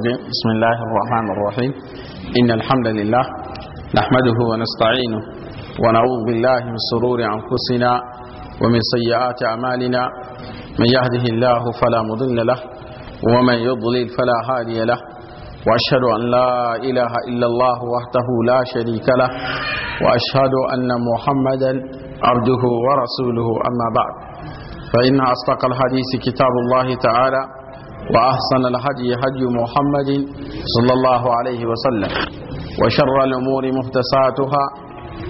الرجيم بسم الله الرحمن الرحيم إن الحمد لله نحمده ونستعينه ونعوذ بالله من سرور أنفسنا ومن سيئات أعمالنا من يهده الله فلا مضل له ومن يضلل فلا هادي له وأشهد أن لا إله إلا الله وحده لا شريك له وأشهد أن محمدا عبده ورسوله أما بعد فإن أصدق الحديث كتاب الله تعالى وأحسن الهدي هدي محمد صلى الله عليه وسلم وشر الأمور مهدساتها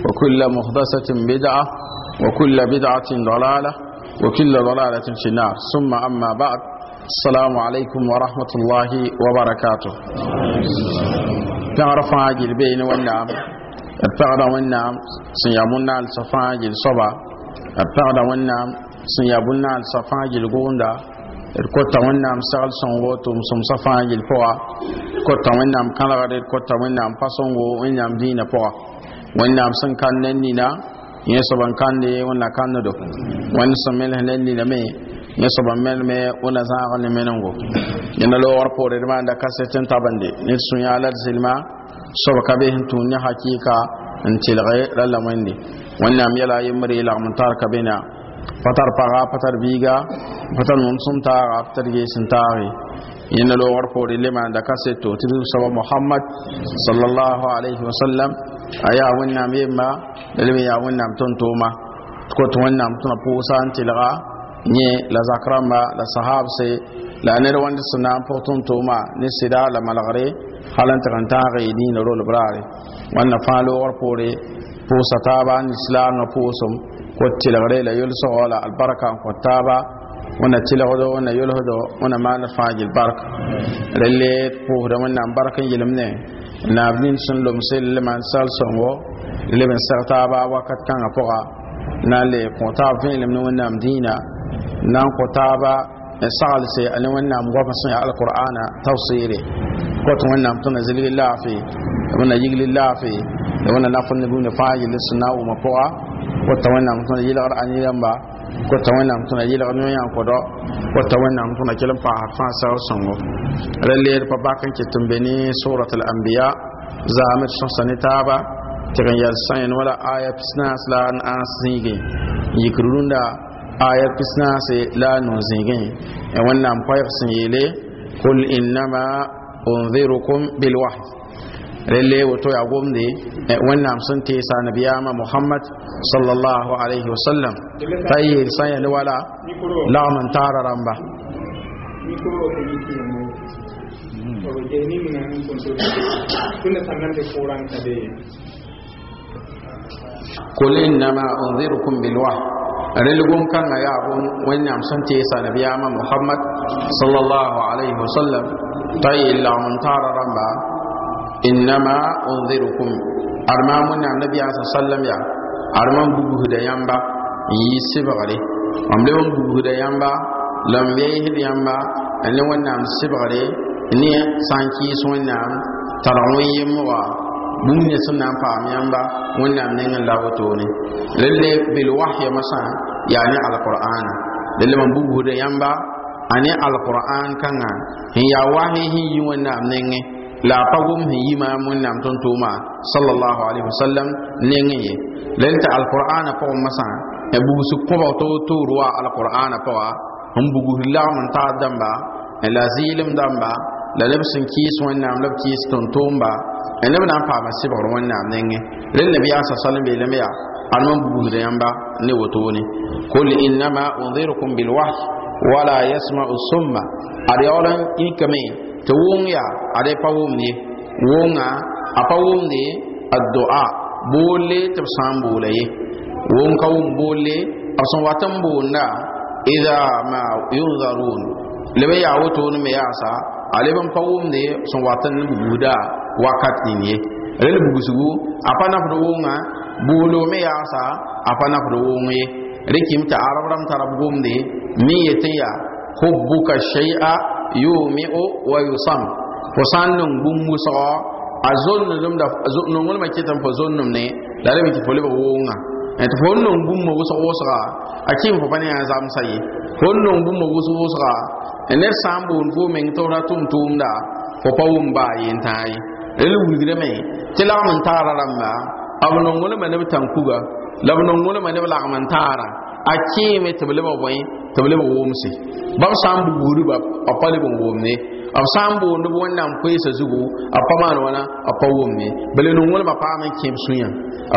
وكل مهدسة بدعة وكل بدعة ضلالة وكل ضلالة في النار ثم أما بعد السلام عليكم ورحمة الله وبركاته تعرف عاجل بين والنعم التغرى والنعم سيامنا الصفاجل صبا التغرى والنعم سيامنا الصفاجل قوندا kota wẽnnaam sagl sõngo tʋʋm sõmsã fãa yel pʋga kota wẽnnaam kãlgd d kota wẽnnaam pasõngo wẽnnaam dĩinã pʋga wẽnnaam sẽn kãnd ne nina yẽsb n kãnde wẽnna kãnddo wẽnd sẽn mels ne niname yẽsb n melme wẽnna zãag ne menengo yẽna loogr poore d maanda kaset n tabende ned sũ-yã la d zelma sobka bes n tũud ne hakɩɩka n tɩlge rala wẽnde wẽnnaam yɛla yembr yɩ lagm n tarka bena patar paga patar biga patar mun sum taaga patar ge sin taagi yẽnna loogr poore le maanda ka seto tɩ b soaba sallallahu alaihi wasallam a yaa wẽnnaam yemba la leb n yaa wẽnnaam tʋm-tʋʋma tɩ kot wẽnnaam tʋna pʋʋsa n tɩlga yẽ la zak rãmba la sahaabse la ned wãnd sẽn na n pʋg tʋm-tʋʋma ne sɩda la malgre hal n tɩg n tãage y dĩinã rolb raare wãnna fãa loogr poore pʋʋsa taaba n islaamã pʋʋsem Ko وتلغري لا يلسو ولا البركة وتابا wana tila hodo wana yol hodo wana mana fajil bark lalle ko da wannan barkan yilim ne na abin sun lum sai le man sal songo le ben sarta ba wakat kan apoga na le ko ta fin yilim ne wannan dina nan ko ta ba e sal sai an wannan gwa sun alqur'ana tafsiri ko to wannan tun zilil lafi wannan yigil lafi da wannan nafin ne bu ne fajil sunna wa mapoga kota wẽnnaam tʋna yɩlgr a ne yãmba kota wẽnnaam tʋna yɩlgr ne yãn kɔdɔ kota wẽnnaam tʋna kell n paasd fãa sao sõngo ra leed pa bak wala la la lalle wato ya gomde eh, wannan sun te sa nabiya ma muhammad sallallahu alaihi wasallam ta yi sanya liwala lamun tara ramba bilwa, إنما أنذركم بالوحي رلقون كان يعبون وإن أمسن تيسى نبي محمد صلى الله عليه وسلم طيب الله من تار رمبا innama unzirukum arma mun annabi sallallahu ya arman bugu da yamba yi sibare amle won bugu da yamba lam yayi yamba ne wannan sibare ne sanki sunan tarawon yimwa bũmb ne sẽn na n paam yãmba wẽnnaam neng n la wotone relle bel wahya masã yaa ne alqur'ana relle mam bugsda yãmba alqur'an kanga, n yaa wahy sẽn yi la pa yi ma yima mun nam ton tuma sallallahu alaihi wasallam nengi ye lenta alqur'ana pa masa e bugu su ko to to ruwa alqur'ana pa wa hum bugu la mun ta damba e la zilim damba la lebsin kis wannan lab kis ton tumba en lebna pa ma sibor wannan ne len nabiya sallallahu alaihi wasallam be lemya alman bugu da yamba ne wato ne kul innama unzirukum bil wahyi wala yasma'u summa ar yawlan in kamin tɩ ya, a ad pa wong ye wong a pa wong ye a doa boolle ta b sã n boola ye wʋng ka wong bole b sẽn wat n boonda ma yunzarun leb ya yaa wotone me yasa, a le n pa wʋmd ye b sẽn wat n buguda wakat nin ye rel bugsgu a pa wong wʋnga bolo me yasa, a pa nafd wong ye rikim ta arabram rãmb tara ni wʋmde min hubbuka shay'a yumi'u wa yusam fo sã n neng bũmb wʋsgɔ a zonn lʋmda nongr mã kɩtɩm fo zonnem ne la lame tɩ fo lebg wʋʋngã tɩ fo n nong bũmba wʋsg wʋsga a kɩm fo pa ne yãa zamsa ye fo n nong bũmba wʋsg wʋsga ned sã n boond fo meng tɩ f ra tʋm-tʋʋmda fo pa wʋm baa yentãa ye rel wilgrame tɩ lagm n taara rãmba b nong wẽlma neb tãn kuga la b nong wẽlma neb lagm n taara a kẽeme tɩ b lebg bõe tɩ b lebg wʋmse bãmb sã n buguudba a pa lebn wʋmne b sã n boond wẽnnaam koeesa zugu a pa maan wãna a pa wʋmne bala nung-wẽlmã paam n kẽb sũyã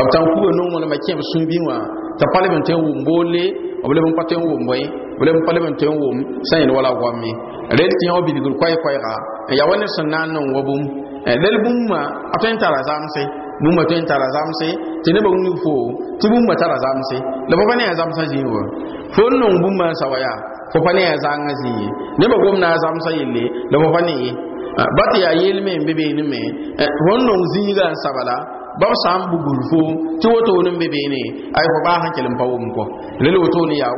b tãn kuga nung-wẽlmã kẽb sũ-bĩ wã tɩ pa leb n tõe n wʋm boolle b leb n pa tõe n wʋm bõe b leb pa leb n tõe n wʋm sã yel wala goamme rel tɩ yã bilgr koɛɛ-koɛɛga n ya wa ned sẽn na n nin wa bũmb bũmbã a tõe n tara bũmba tõe n tara zamse tɩ nebã wing foo tɩ bũmba tara zamse la pa ne a zamsã fo n nong bũmbã n sawa yaa fo pa ne a zãngã nebã gomna a zamsã yelle la fo pa ne ye ah, ba tɩ yaa yeel me n be beene me eh, fo n nong zĩigã n saba la ba b sã n fo tɩ wotone n be beene ay fo kell n pa wʋm kɔ rel wotone yaa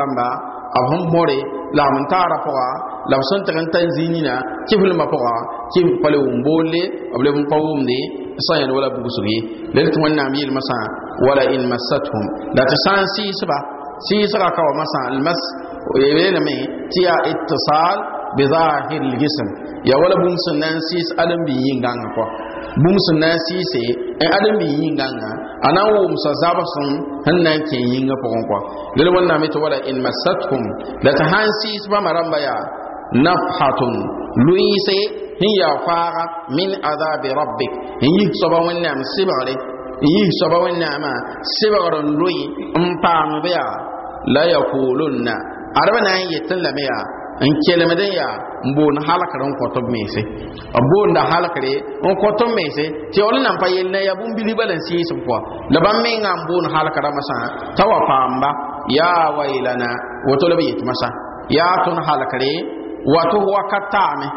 rãmba a bõn bõre la m taara pʋga la b sẽn tɩg n tar zĩinina kiflmã pʋga kif pa le wʋm-boolle b leb n pa wʋmde sã yãnd wala bugsg ye la d tɩ wẽnnaam yeelmã sã wala in massathum la tɩ sã n sɩɩsba sɩɩsga ka wa masã lmas yeelame tɩ yaa ittisal bi zahir lgism ya wala bũmb sẽn na n sɩɩs alem bɩ yĩngãngã pʋa bũmb na n sɩɩse n adem bɩ yĩngãngã a na n wʋmsa zabsẽn sẽn na n kẽ yĩngã pʋgẽ kɔa rel wẽnnaame tɩ wala in masatkum la tɩ sã n sɩɩs bãmba rãmba yaa nafhatun lʋɩɩse sẽn yaa faaga min adabi rabbik n yis soaba wẽnnaam sɩbgre n yis soaba wẽnnaamã sɩbgr n lʋɩ n paamb yaa la yakulunna adb na n yet n lame yaa n kelmd n ya n boond halkr n kõt b mense b boonda halkre n kõt n mense tɩ yaool nan fa yell na ya bun bili bala n sɩɩsb pʋa la bãmb menga n boond halk rãmbã sã tawa wa paamba yaa waylana woto la b yetmã sã yaa tõnd wato wa tɩ f wakat taame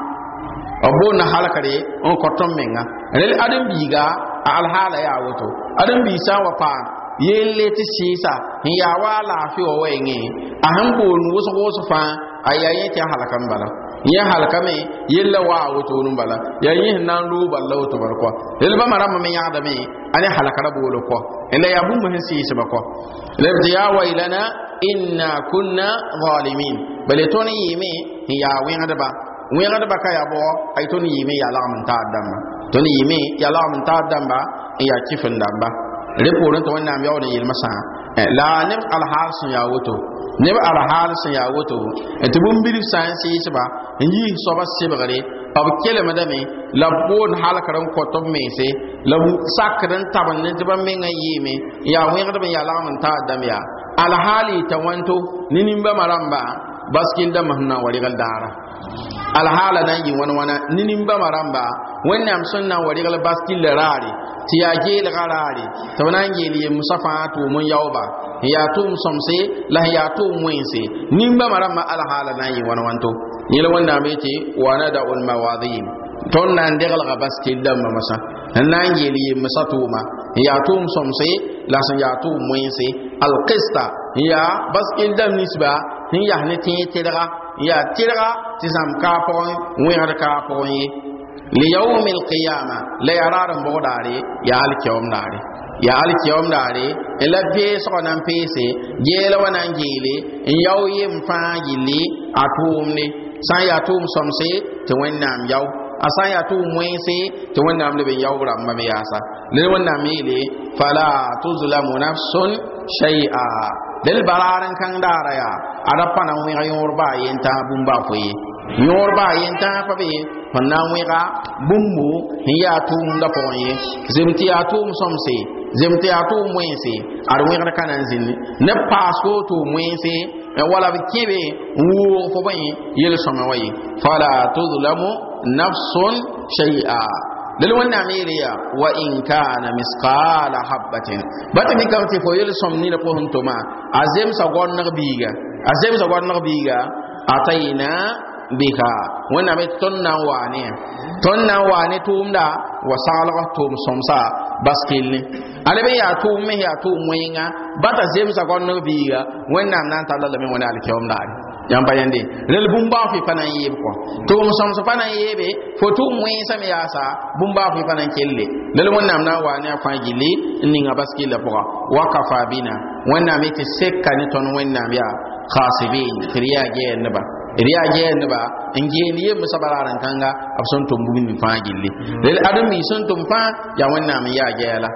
b boonda halkre n kõt n menga rel ãdem-biiga a alhaala yaa woto ãdem-bii sa wa paam yelle tɩ sɩɩsa n yaa waa laafɩ wa wɛɛngẽ e a sẽn wusu-wusu fa. aya yẽ tɩ a halkame bala yẽ halkame a wato wotoorum bala ya yi na n loog balla woto bar kɔ rel bãmba rãmba me yãgdame a ne halkra boolo kɔ la yaa bũmb sẽn sɩɩsba kɔ la b tɩ yaa waylana inna kunna zalimin bale tõnd yɩɩme ba yaa wẽgdba ba ka yaa bao a y tõnd yɩɩme yaa lagm n taab dãmba tõnd yɩɩme yaa lagm n taab dãmba n yaa kɩf ya dãmba rẽ poorẽ tɩ wẽnnaam wannan n yelmã masa la neb alhaal sẽn yaa woto neb alhaal sẽn yaa woto n tɩ bũmb bilg sã n sɩɩsba n yiis soaba sɩbgre b kelmdame la b boon halkr n kõ tɩ b mense la sakd n tabend tɩ ba meng yɩɩme n yaa wẽgdb n yaa lagm n taad dãmb yaa alhaal yɩ t'a wãnto ne nimbãmbã Baskin baskinda mahna wargal dara alhala nan yi wani wani ninin ba maramba wannan sun nan wargal baskin da rari ti ya je da gel garari to nan gel ye musafa to mun yau ba, ya to somse la ya to muinse nin ba maramba alhala nan yi wani wanto ni la wannan me ce wa nada ul mawadhim ton nan degal ga baskin da ma mamasa nan gel ye ma, ya to somse la san ya to muinse alqista ya baskin da nisba sẽn yas ne tẽe tɩlga n yaa tɩlga tɩ zãmb kaa pʋgẽ wẽgd kaa pʋgẽ ye liyaumi alqiyama la yarar n bʋg yaa alkiyaom yaa alkiyaom n la beesg na n peese geela wa na n geele n yao yem fãa yilli a tʋʋmde sã n yaa tʋʋm sõmse tɩ wẽnnaam yao a sã n yaa tʋʋm wẽnse tɩ wẽnnaam leb n yaoog rãmba me yaasa le. wẽnnaam yeele fala tuzlamu nafsun shay'a del bararan kan dara ya ada pana wi ga yor ba yin ta bumba ko yi yor ba yin ta pa be wi ga bumbu ya tum da po yi zemti ya tum somse zemti ya tum wense ar wi ga kanan zin ne paso to wense wala bi kebe wu fo ban yel soma wayi fala tudlamu nafsun shay'a lel wẽnnaam yeele yaa wa in kana misqala habbatin bata ni kam tɩ fo yel ni nina pʋsẽn tʋma a zemsa gɔnneg biiga a zemsa sa biiga atayna biha wẽnnaam ye tõnd na n Wani yã tõnd na n waane tʋʋmda wa saglg tʋʋm sõmsa baskilni ala bɩ yaa tʋʋm me yaa tʋʋm wẽnga bata zemsa gɔnneg biiga wẽnnaam na n tall lame wẽna alkɛoom laare yan pa yende rel bumba fi panan yeb ko to mo sam so panan yebe fotu mwe sam ya sa bumba fi panan kelle lel mon nam na wa ne afa gili ni nga baski la poka wa kafa bina wanna me ti sekka ni ton wanna ya khasibin kriya ge ne ba riya ge ne ba nge ni yeb musabararan kanga abson to mbugin fa gili rel adam mi son to fa ya wanna me ya ge la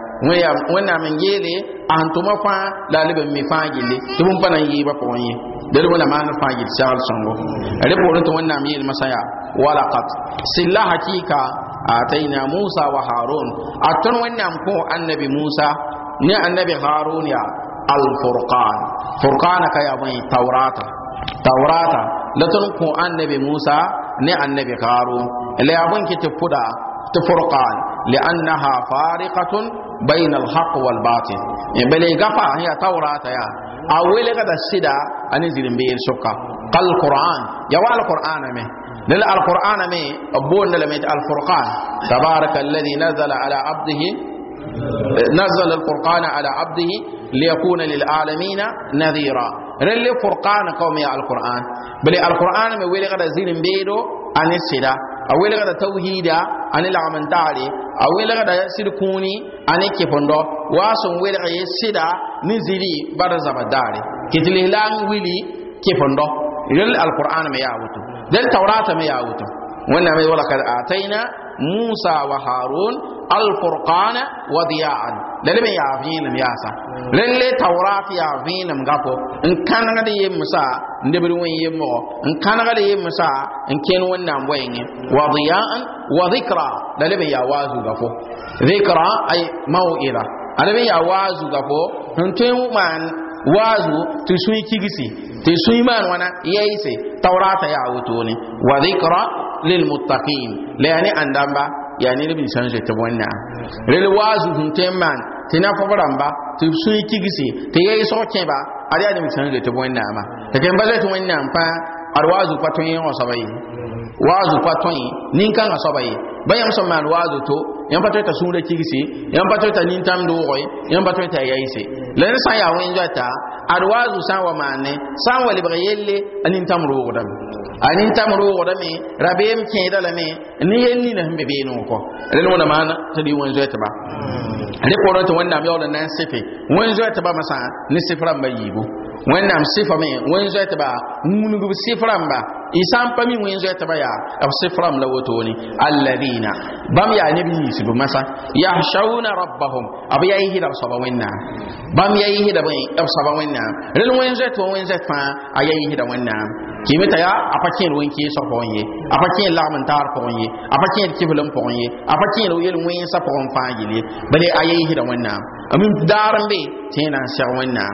wanna me gele antuma fa la lebe mi fa gili to bumpa nan yeba ko wanyen dal wala ma na fajir sal songo report to wannan mi masaya wala qat silla hakika ataina musa wa harun atun wannan ko annabi musa ne annabi harun ya al furqan furqana ka ya mai taurata taurata latun ko annabi musa ne annabi harun la ya bun ki tufuda tufurqan لأنها فارقة بين الحق والباطل يعني بل غفا هي توراة يا a welega da sida ani zirin be soka qal qur'an ya wa al qur'ana me lil al qur'ana me abon la me al furqan tabaraka alladhi nazala ala abdihi نزل القرآن على عبده ليكون للعالمين نذيرا رل فرقان قومي القرآن بل القرآن ما ويلغ زين بيدو عن السيدة a da tawhida ane lagmentaare a welgda da sirkuni ane kɩpendɔ waa sẽn welg ye Sida ne ziri bara zaba daare kɩt lislaam wili kɩpendɔ rel alqur'an me yaa woto rel taurata me yaa woto wala walakad ataina. musa wa harun al-furqan wa diya'an lalle me ya vinam yasa lalle tawrat ya vinam gafo in kananga de musa ndebri won yemmo in kananga de musa in ken wannan wayin wa diya'an wa dhikra lalle me ya wazu gafo dhikra ay mau'ila alabe ya wazu gafo in tun wazu sun sun wana lil muttaqin la yani andamba ya ni bin san je ta wonna rel wazu hun temman tina fobramba ti suyi kigisi ti yayi so ba ari ani bin san je ta wonna ma ta kan bala ta wonna pa arwazu patun yin wasabai wazu patun nin kan asabai bayan so man wazu to yãmb pa toɛta sũurã kigse yãmb pa toɛta nin-tãmb dooge yãmb pa toɛta a yaɩse la ned sã n yaa wẽn zoɛta ad waazu sã n wa maanne sã n wa lebg yelle a nin-tãmb roogdame a nin-tãmb roogdame ra beem kẽeda lame ne yell nina sẽn be beenẽ wã kɔ rel wẽna maana tɩ dɩ wẽn ba rẽ pʋgẽ tɩ wẽnnaam yaool n na n sefe wẽn zoɛtbame sã ne sɩf rãmbã yiibu wẽnnaam sɩfa me wẽn zoɛtba wũnug b sɩf rãmba y sã n pa mi wẽn zoɛtba yaa b sɩf rãmb la wotone alladina bãmb yaa neb yiisb masã yahsauna rabbahum b ya yɩsda b soaba wẽnnaam bãmb ya yɩsda b soaba wẽnnaam rel wẽn zoɛt wa wẽn zoɛt fãa a ya yɩsda wẽnnaam kɩme t'a yaa a pa kẽer wẽn-kẽesã pʋgẽ ye a pa kẽer lagm n taar pʋgẽ ye a pa kẽer kifl n pʋgẽ ye a pa kẽer yel wẽnsã pʋgẽ fãa gil ye bale a ya yɩsda wẽnnaam من دارن بي تينا سعونا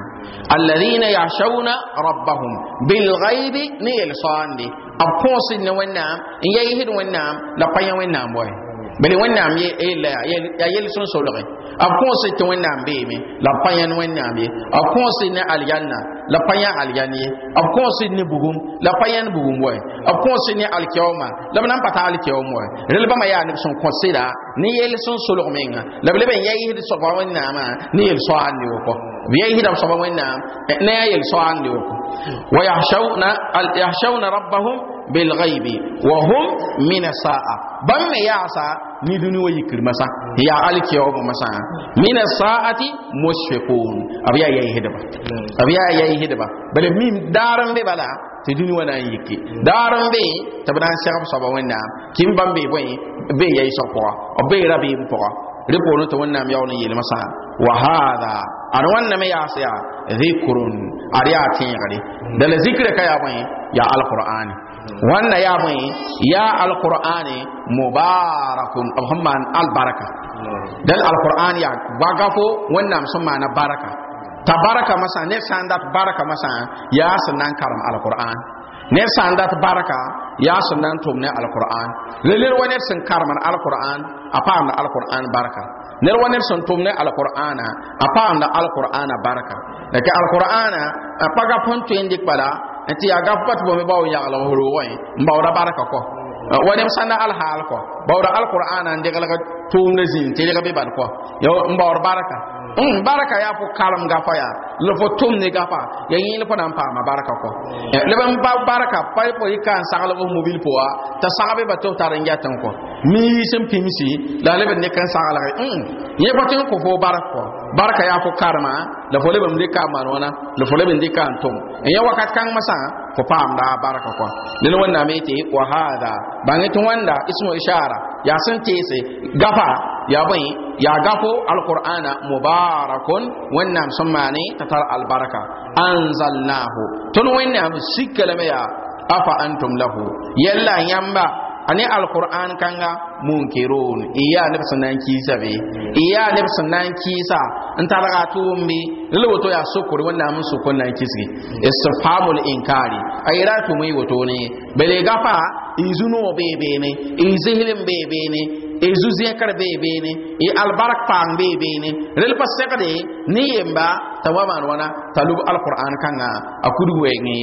الذين يعشون ربهم بالغيب نيل صاندي أبقوص إن ونام إن يهد ونام لقيا ونام بوي بل ونام يل يل يل سن سولغي a kõose tɩ wẽnnaam beeme la b pa yãnd wẽnnaam ye a kõose ne alyanna la pa yã alyan ye b kõose ne bugun, la bugun yãnd bugum wɛ b kõose ne alkɛoomã la b pata n pa ta alkɛoom wɛ rel bãmba yaa neb sẽn kõ sɩda ne yell sẽn solg menga la b leb n ya yɩsd soaba wẽnnaamã ne yel soaande wʋkɔ b ya yɩsda b soaba wẽnnaam ne a yel soaande wʋkɔ wa yahshawna rabbahum بالغيب وهم من الساعة بم يعصى ندني ويكر مسا يا عليك يا أبو مسا من الساعة مشفقون ابي يا يهدبا ابي يا يهدبا بل مين دارن دي بلا تدني وانا يكي دارن دي تبنا سيغب صبا وانا كم بم بي بي بي يا يسوقوا أبي ربي بقوا ربونا تونا ميون يلمسا وهذا أنا وانا ما يعصى ذكر أرياتين غري دل ذكرك يا بني يا القرآن wannan ya mai ya alkur'ani mubarakun abhamman albaraka dan alqur'an ya bagafo wannan sun mana baraka baraka masa ne sandat baraka masa ya sunan karam alqur'an ne sandat baraka ya sunan tumne alqur'an lelil wani sun karman alqur'an a fa'am alkur'an baraka ner wa ner sẽn ne alqur'ana a anda alqur'ana barka la tɩ alqur'ana a pa gap sẽn tõe n dɩk bala n tɩ yaa gap pa tɩ bõme bao n yaglg roogẽ n baooda barka kɔ wa neb sãnda ko eh, kɔ baooda alqur'ana n deglg tʋʋmda zĩig tɩ rɩg bɩ bal kɔ ko n baoor barka un mm, baraka ya fo karam gafa ya le fo tum ne gafa ya yin fo nan pa ma baraka ko le ban ba baraka pa po yi kan sagala bo mobil po ta sagabe ba to tarin ya tan ko mi sem pimsi la le ban ne kan sagala mm ye ba tin ko fo baraka ko baraka ya fo karma le fo le ban de ka man wana le fo le ban de kan tum e ya wakat kan masa fo pam da baraka ko le wanda me te wa hada ban wanda ismu ishara ya sẽn teese gafa ya bai ya gafo alqur'ana mubarakun wannan sẽn maane t'a tar albarka anzalnahu Tun wannan sika lame ya afa antum lahu yalla yamba a alqur'an kanga munkirun iya ne sunan kisa be iya ne sunan kisa na to kiisa n targa a tʋʋmbe rel woto yaa sokr wẽnnaam n istifhamul inkari a to mai tʋm ne wotone bele gafa izuno bebe bene izihlim bebe bene izu zekar bebe bene i albarak pang bebe bene rel pasekde ni yemba tawaman wana talub alquran kanga akudu wengi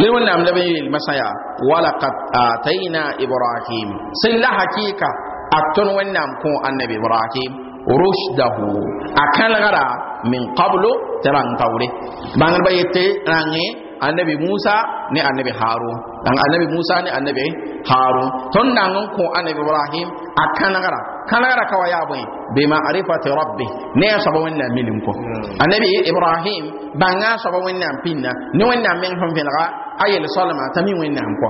le wala am labe yel masaya wala qad ataina ibrahim silla hakika aton wannan ko annabi ibrahim rushdahu akal gara min qablu tarang bangal bayete rangi annabi musa ne annabi harun dan annabi musa ne annabi harun ton nan ko annabi ibrahim a kanagara kawai ya bai be ma'rifati rabbi ne sabo wannan milin ko annabi ibrahim ban banga sabo wannan pinna ne wannan min hon filga ayyul salama min wannan ko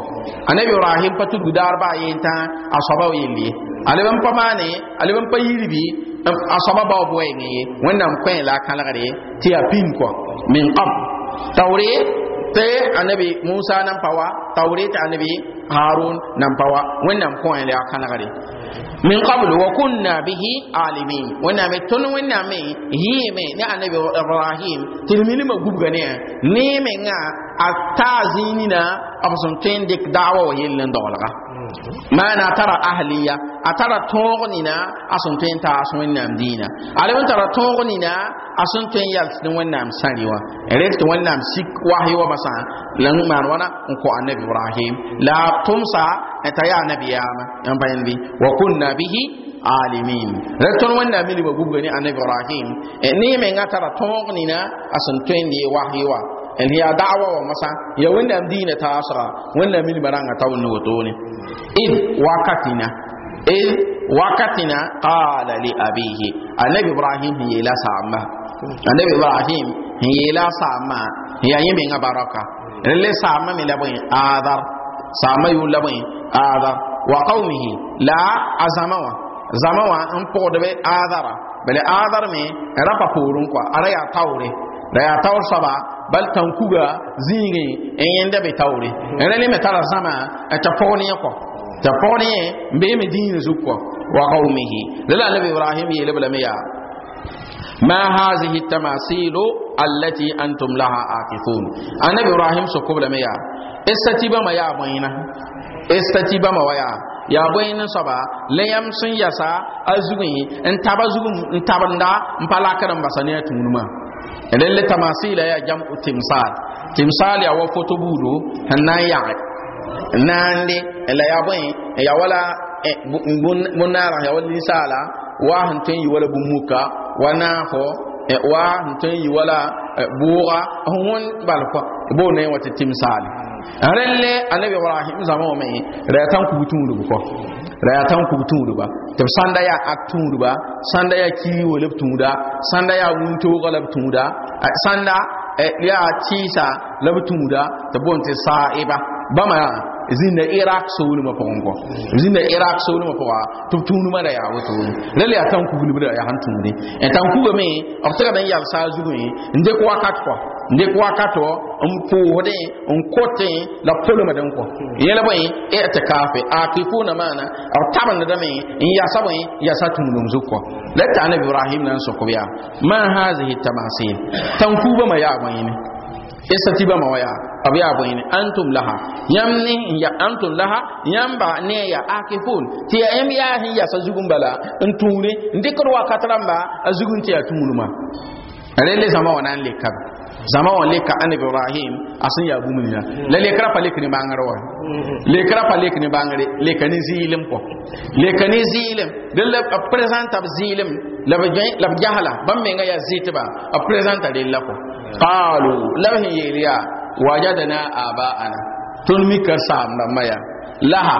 annabi ibrahim patu gudar ba yenta asaba yili aliban pamane aliban a asaba ba boye ne wannan kwen la kanagare ti pin ko min qab tawre te annabi musa nan pawa tawret annabi harun nan pawa wannan ko ne ya gare min qabl wa kunna bihi alimin wannan mai tun wannan yi mai ne annabi ibrahim tilmini ma gubga ne ne nga atazini na tendik da'wa wa da dawalga maana tara ahliya a tara tõog nina a sẽn tõe n taas wẽnnaam dĩinã a leb n tara tõog nina a sẽn tõe n yals ne wẽnnaam sãre wã rẽd tɩ wẽnnaam sik wasy wã masã la n maan wãna n kõ nabi ibrahim la tʋmsa n t'a yaa nabiyaamã n pa bi wa na bihi alimin rẽd wani wẽnnaam milgã gubga ne a nabi ibrahim ne menga tara tõog nina a sẽn tõe n n ya da'awa wa masa ya wẽnnaam diinã taasga wẽnnaam milmã rãngã ta wẽnd wotone id wakatina id wakatina qala li abihi annabi ibrahim sẽn la saamba annabi ibrahim sẽn yeela saamã sẽn yaa yẽ menga baraka rẽ le saamã me la bõe aadar saamã yʋʋl la bõe aadar wa qaumihi la a zãma wã zãma wã n pʋgdb aadara bele aadar me ra pa poorẽ kɔa ara yaa taoore da ya tawar saba bal tan kuga zingi in yanda bai tawuri en rani mai tara sama a e tafoni ya kwa tafoni ya mbe mai dini su kwa wa kaumihi lalla nabi ibrahim ya lebala miya ma hazihi tamasilu allati antum laha aqifun annabi ibrahim su kubla miya istatiba ma ya bayina istatiba ma waya ya bayina saba layam sun yasa azugi in taba zugun in tabanda in palakaran basaniya tunuma rel tamasila ya jam'u timsal timsal ya wa foto budo na ya nande la ya bon ya wala munara eh, ya wala sala wa hantin yi wala bumuka wa naho eh, wa hantin yi wala eh, buwa hun balfa bo ne wata timsal rel annabi ibrahim zama mai ratan kubutun rubuko la ya tan ku tũudba tɩ b sãnda yaa ak ba, sãnda yaa kiiwo la b sãnda yaa wũntoogã la b da, sãnda yaa tɩɩsa lab b da, tɩ b boond tɩ saa'ɩba zinda iraq sowul ma pɔgɔ nkɔ zinda iraq sowul ma pɔgɔ tɩ b tũudumã da yaa woto rel yaa tãn kuglbda yaa sẽn tũude n tãn kuga me b tɩgd n yal saa zugẽ n dɩk wakat kɔ n dɩk wakat n pʋʋsdẽ n kotẽ la polmd e kɔ yẽl bõe maana b n yasa bõe yasa zug kɔ la t'a nabi ibrahim na n sõkb yaa ma hazihi tamasil tãn yaa bõe esati ba mawaya waya ya abu antum laha yamni ya antum laha yamba ne ya akifun ti ya em ya hiya sa zugun bala ntune ndikor wa kataramba azugun ti ya tumuluma rele sama wannan lekab zama wa leka an ibrahim asin ya gumin ya la le kra pale kini bangare wa le kra pale kini bangare le kani zilim ko le kani zilim dan la present ab zilim la la jahala ban me ya zitba a present de la ko qalu la hiyriya wajadna aba'ana tun mi ka sam na maya laha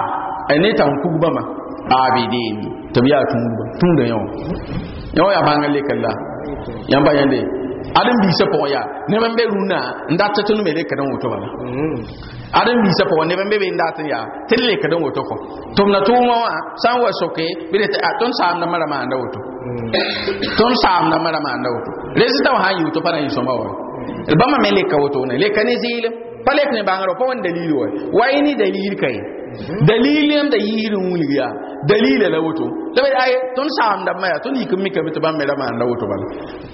ani tan kubba ma abidin tabiya tun tun da yau yau ya banga le lekalla yan de adam bi sapo ya ne ban be runa nda ta tun me le lekadan wato ba adam bi sapo ne ban be be nda ta ya tille kadan wato ko tumna tuma san wa soke bi ta ton sam na mara ma anda tõnd saamda ma ra maanda woto rẽs t'a wa sã tɩ pa na yĩ sõma wa bãmba me leka woto e ne leka mm. ne zɩɩlem pa lek ne bãngra pa wan dalil wa wa ne dalil ka ye dalil yãmb da yiisd n wilg yaa dalila la woto la bɩ ay tõnd saamda ma yaa tõnd yik mikame tɩ bãmb me ra maanda woto bala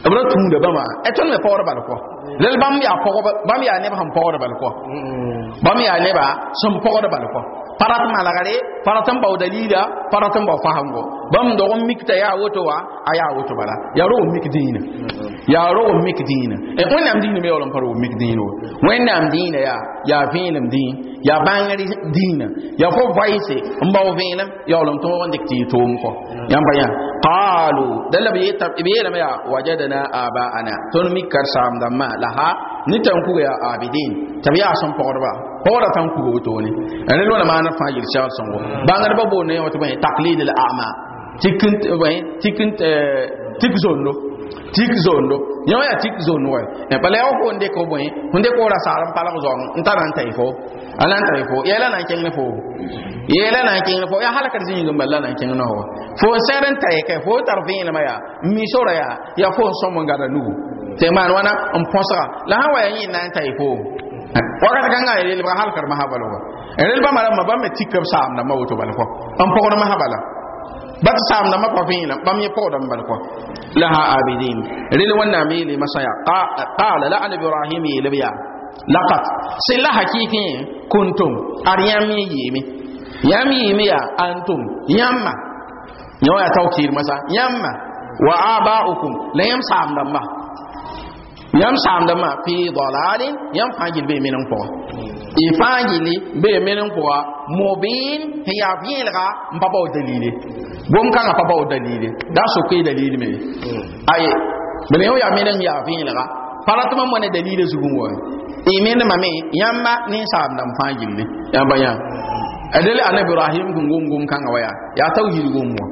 b ra tũuda bãmba a tõnd me paoor bal kɔ lal bãmb yaa pɔgb bãmb yaa neb sẽn paoor bal kɔ bãmb yaa nebã sẽn paoor bal kɔ parat malagare paratan ba dalila paratan ba fahango bam do on mikta ya woto wa aya woto bala ya ro mik ya ro mik e eh, on nam dina me yolam paro mik wen nam dina ya ya filim din ya bangari ya fo vaise mba o filim ya yolam to on dikti to mko ya wajadna aba ana ton mik laha ni tan ku abidin tabi ya san pawrba pawra tan ku wuto ne ne lona ma na fa yir sha san go bangar ba bo ne wato ba taqlid al a'ma tikin tikin eh, tik zondo tik zondo nyo ya tik zondo wa e pale o ko nde ko bo e hunde ko ra saram pala ko zon ntaran yi fo alan yi fo yela na kin fo yela na kin fo ya halaka zin ngum balla na kin no fo ta yi ka fo tarfin ma ya mi ya ya fo so mo ngada te man wana on ponsra la ha waya yin nan tay po wakata kanga ele ba hal kar mahabalo wa ele ba mara ma ba me tikab sam na mawto bal ko on po na mahabala bat sam na ma pa fin na bam ye po dam bal ko la ha abidin ele wanna me ele masaya qala la an ibrahim ilabiya laqad sai la hakiki kuntum aryami yimi yami yimi ya antum yamma nyawa ya tawkir masa yamma wa aba'ukum la yamsam damma yãmb saamda mã fɩ dalalin yãmb fãa gil bee men n pʋga y fãa gilli bee men n pʋga mobin sẽn yaa b yẽelga n pa bao dalile gom-kãngã pa bao dalile daa soke dalil me aye bɩ la yõ yaa men n yaa vẽelga pa ratɩma mõne dalila zugu n wa y mendmame yãmba ninsaamdam fãa gilli yãmba yã adele anabi ibrahim gum gum kanga waya ya tawhid gum wa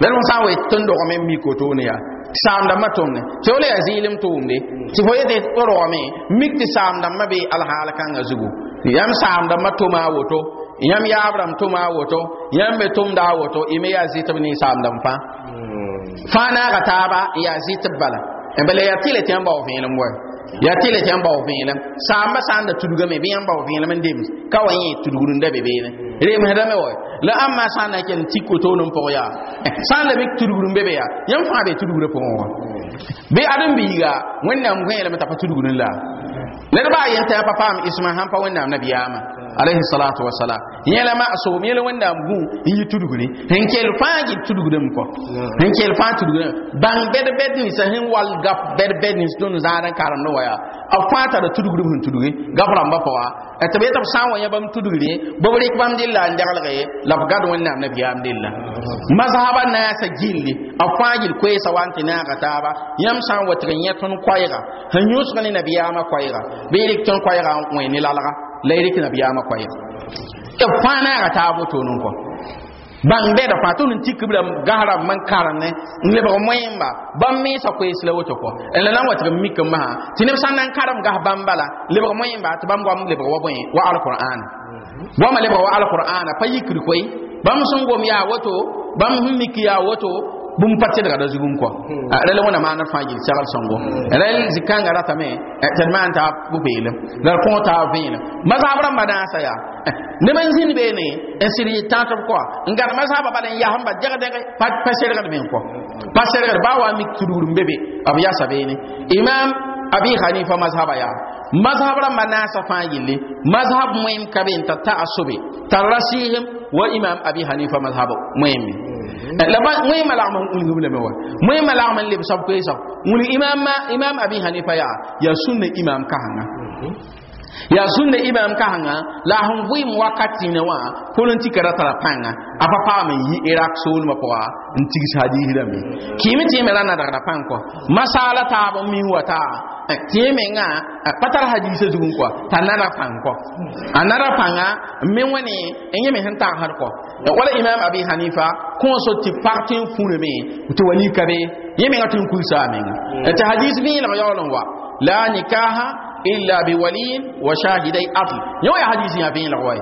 dan sa wai tun do mi ko to ne ya saamdãmbã tʋmde tɩ fo la yaa zɩɩlem tʋʋmde tɩ fo yetɩ roame mik tɩ saamdãmbã be alhaal kãngã zugu yãmb saamdãmbã tʋma a woto yãmb yaabrãm tʋma a woto yãmb hmm. be tʋmda a woto y me yaa zɩtb ne saamdãmb fãa fãa naaga taaba n yaa zɩtb bala bala yaa tɩ le tɩ yãmb bao vẽelem wa yaa tɩ le tɩ yãmb bao vẽelem saambã sã n da tudgame bɩ yãmb bao vẽelem n dems ka wa yẽ tudgrunda be beene remsda me wa la amma sã n na ken tik wotoonum pʋg yaa sã n la be tudgr n be be yaa yãmb fãa be tudgrã pʋgẽ wã bɩ adem biiga wẽnnaam gẽelame t'a pa tudgr n la nedbã a yẽs tɩ pa paam isma sãn pa wẽnnaam nabiyaamã alayhi salatu wasalam yẽla masoom yel wẽnnaam gũ n yi tudgre fa kell fãa gɩ tudgrem kɔ n kell fãa tudgrem bãng bɛd-bɛd ninsã sẽn wall gap bɛd-bɛd nins tõnd zãad n karemd waya. yaa a fãa da tudgr hun tudge gaf rãmbã pa wa tɩ b yetɩ b sã n wa yã bãmb tudgre bob rɩk bãmb dilla n deglge la b gad wẽnnaam nabiyaam dilla mazhaba naasa gilli a fãa yil sa wanti na tɩ naaga taaba yãmb sã n wa tɩg n yẽ tõnd koɛɛga sẽn yõsg ne nabiyaamã koɛɛga bɩ y rɩk tõnd koɛɛga n wẽ ne la kɔ ban bɛda fa tun ti kibra gahara man karne ne ba moyimba ban mi sa ko isla woto ko ela nan wata mi kan ma tine san nan karam gah ban bala le ba moyimba to ban gwam le ba wa boyin wa alquran wa ma le ba wa alquran fa yikri koy bam sun gom ya woto bam himmi ya woto bũmb hmm. ah, hmm. eh, eh, eh, pa tɩdga da zugum kɔ rel wẽna maana fãa yel segl sõngo rel zĩ-kãngã ratame tɩd maan taa bʋ beelem la d kõo taa vẽelem mazaab rãmbã daasa yaa neb n zĩnd beene n sɩd yɩ tãtb kɔ n gãd mazaaba bala n yasẽn ba degdege pa sergd me n kɔ pa sergd wa mik tudgr n be be b yasa imam abi hanifa mazhaba yaa mazhab rãmbã naasa mazhab moẽm ka be t'a ta'asobe t'a rasɩɩsem wa imam abi hanifa mazhab moẽme la ba moy malag man ul ngum la me wa moy malag man le sab ko isa ul imam imam abi hanifa ya ya sunna imam kahanga ya sunna imam ka hanga la hon buim wakati ne wa kulun ti kara tara panga apa pa men yi irak sun ma pa nti hadihi da mi. kimi ti mera na da pan ko masala ta ba mi eh, wata ti me nga eh, patar hadisi zugun ko ta na pan ko anara panga me wani enye me hanta har ko wala imam abi hanifa ko so ti partin funu me to wani kabe yemi ngatun kulsa me mm. ta hadisi ni la yawlan wa la nikaha illa bi waliyin wa shahidai atl yau ya hadisi ya fin a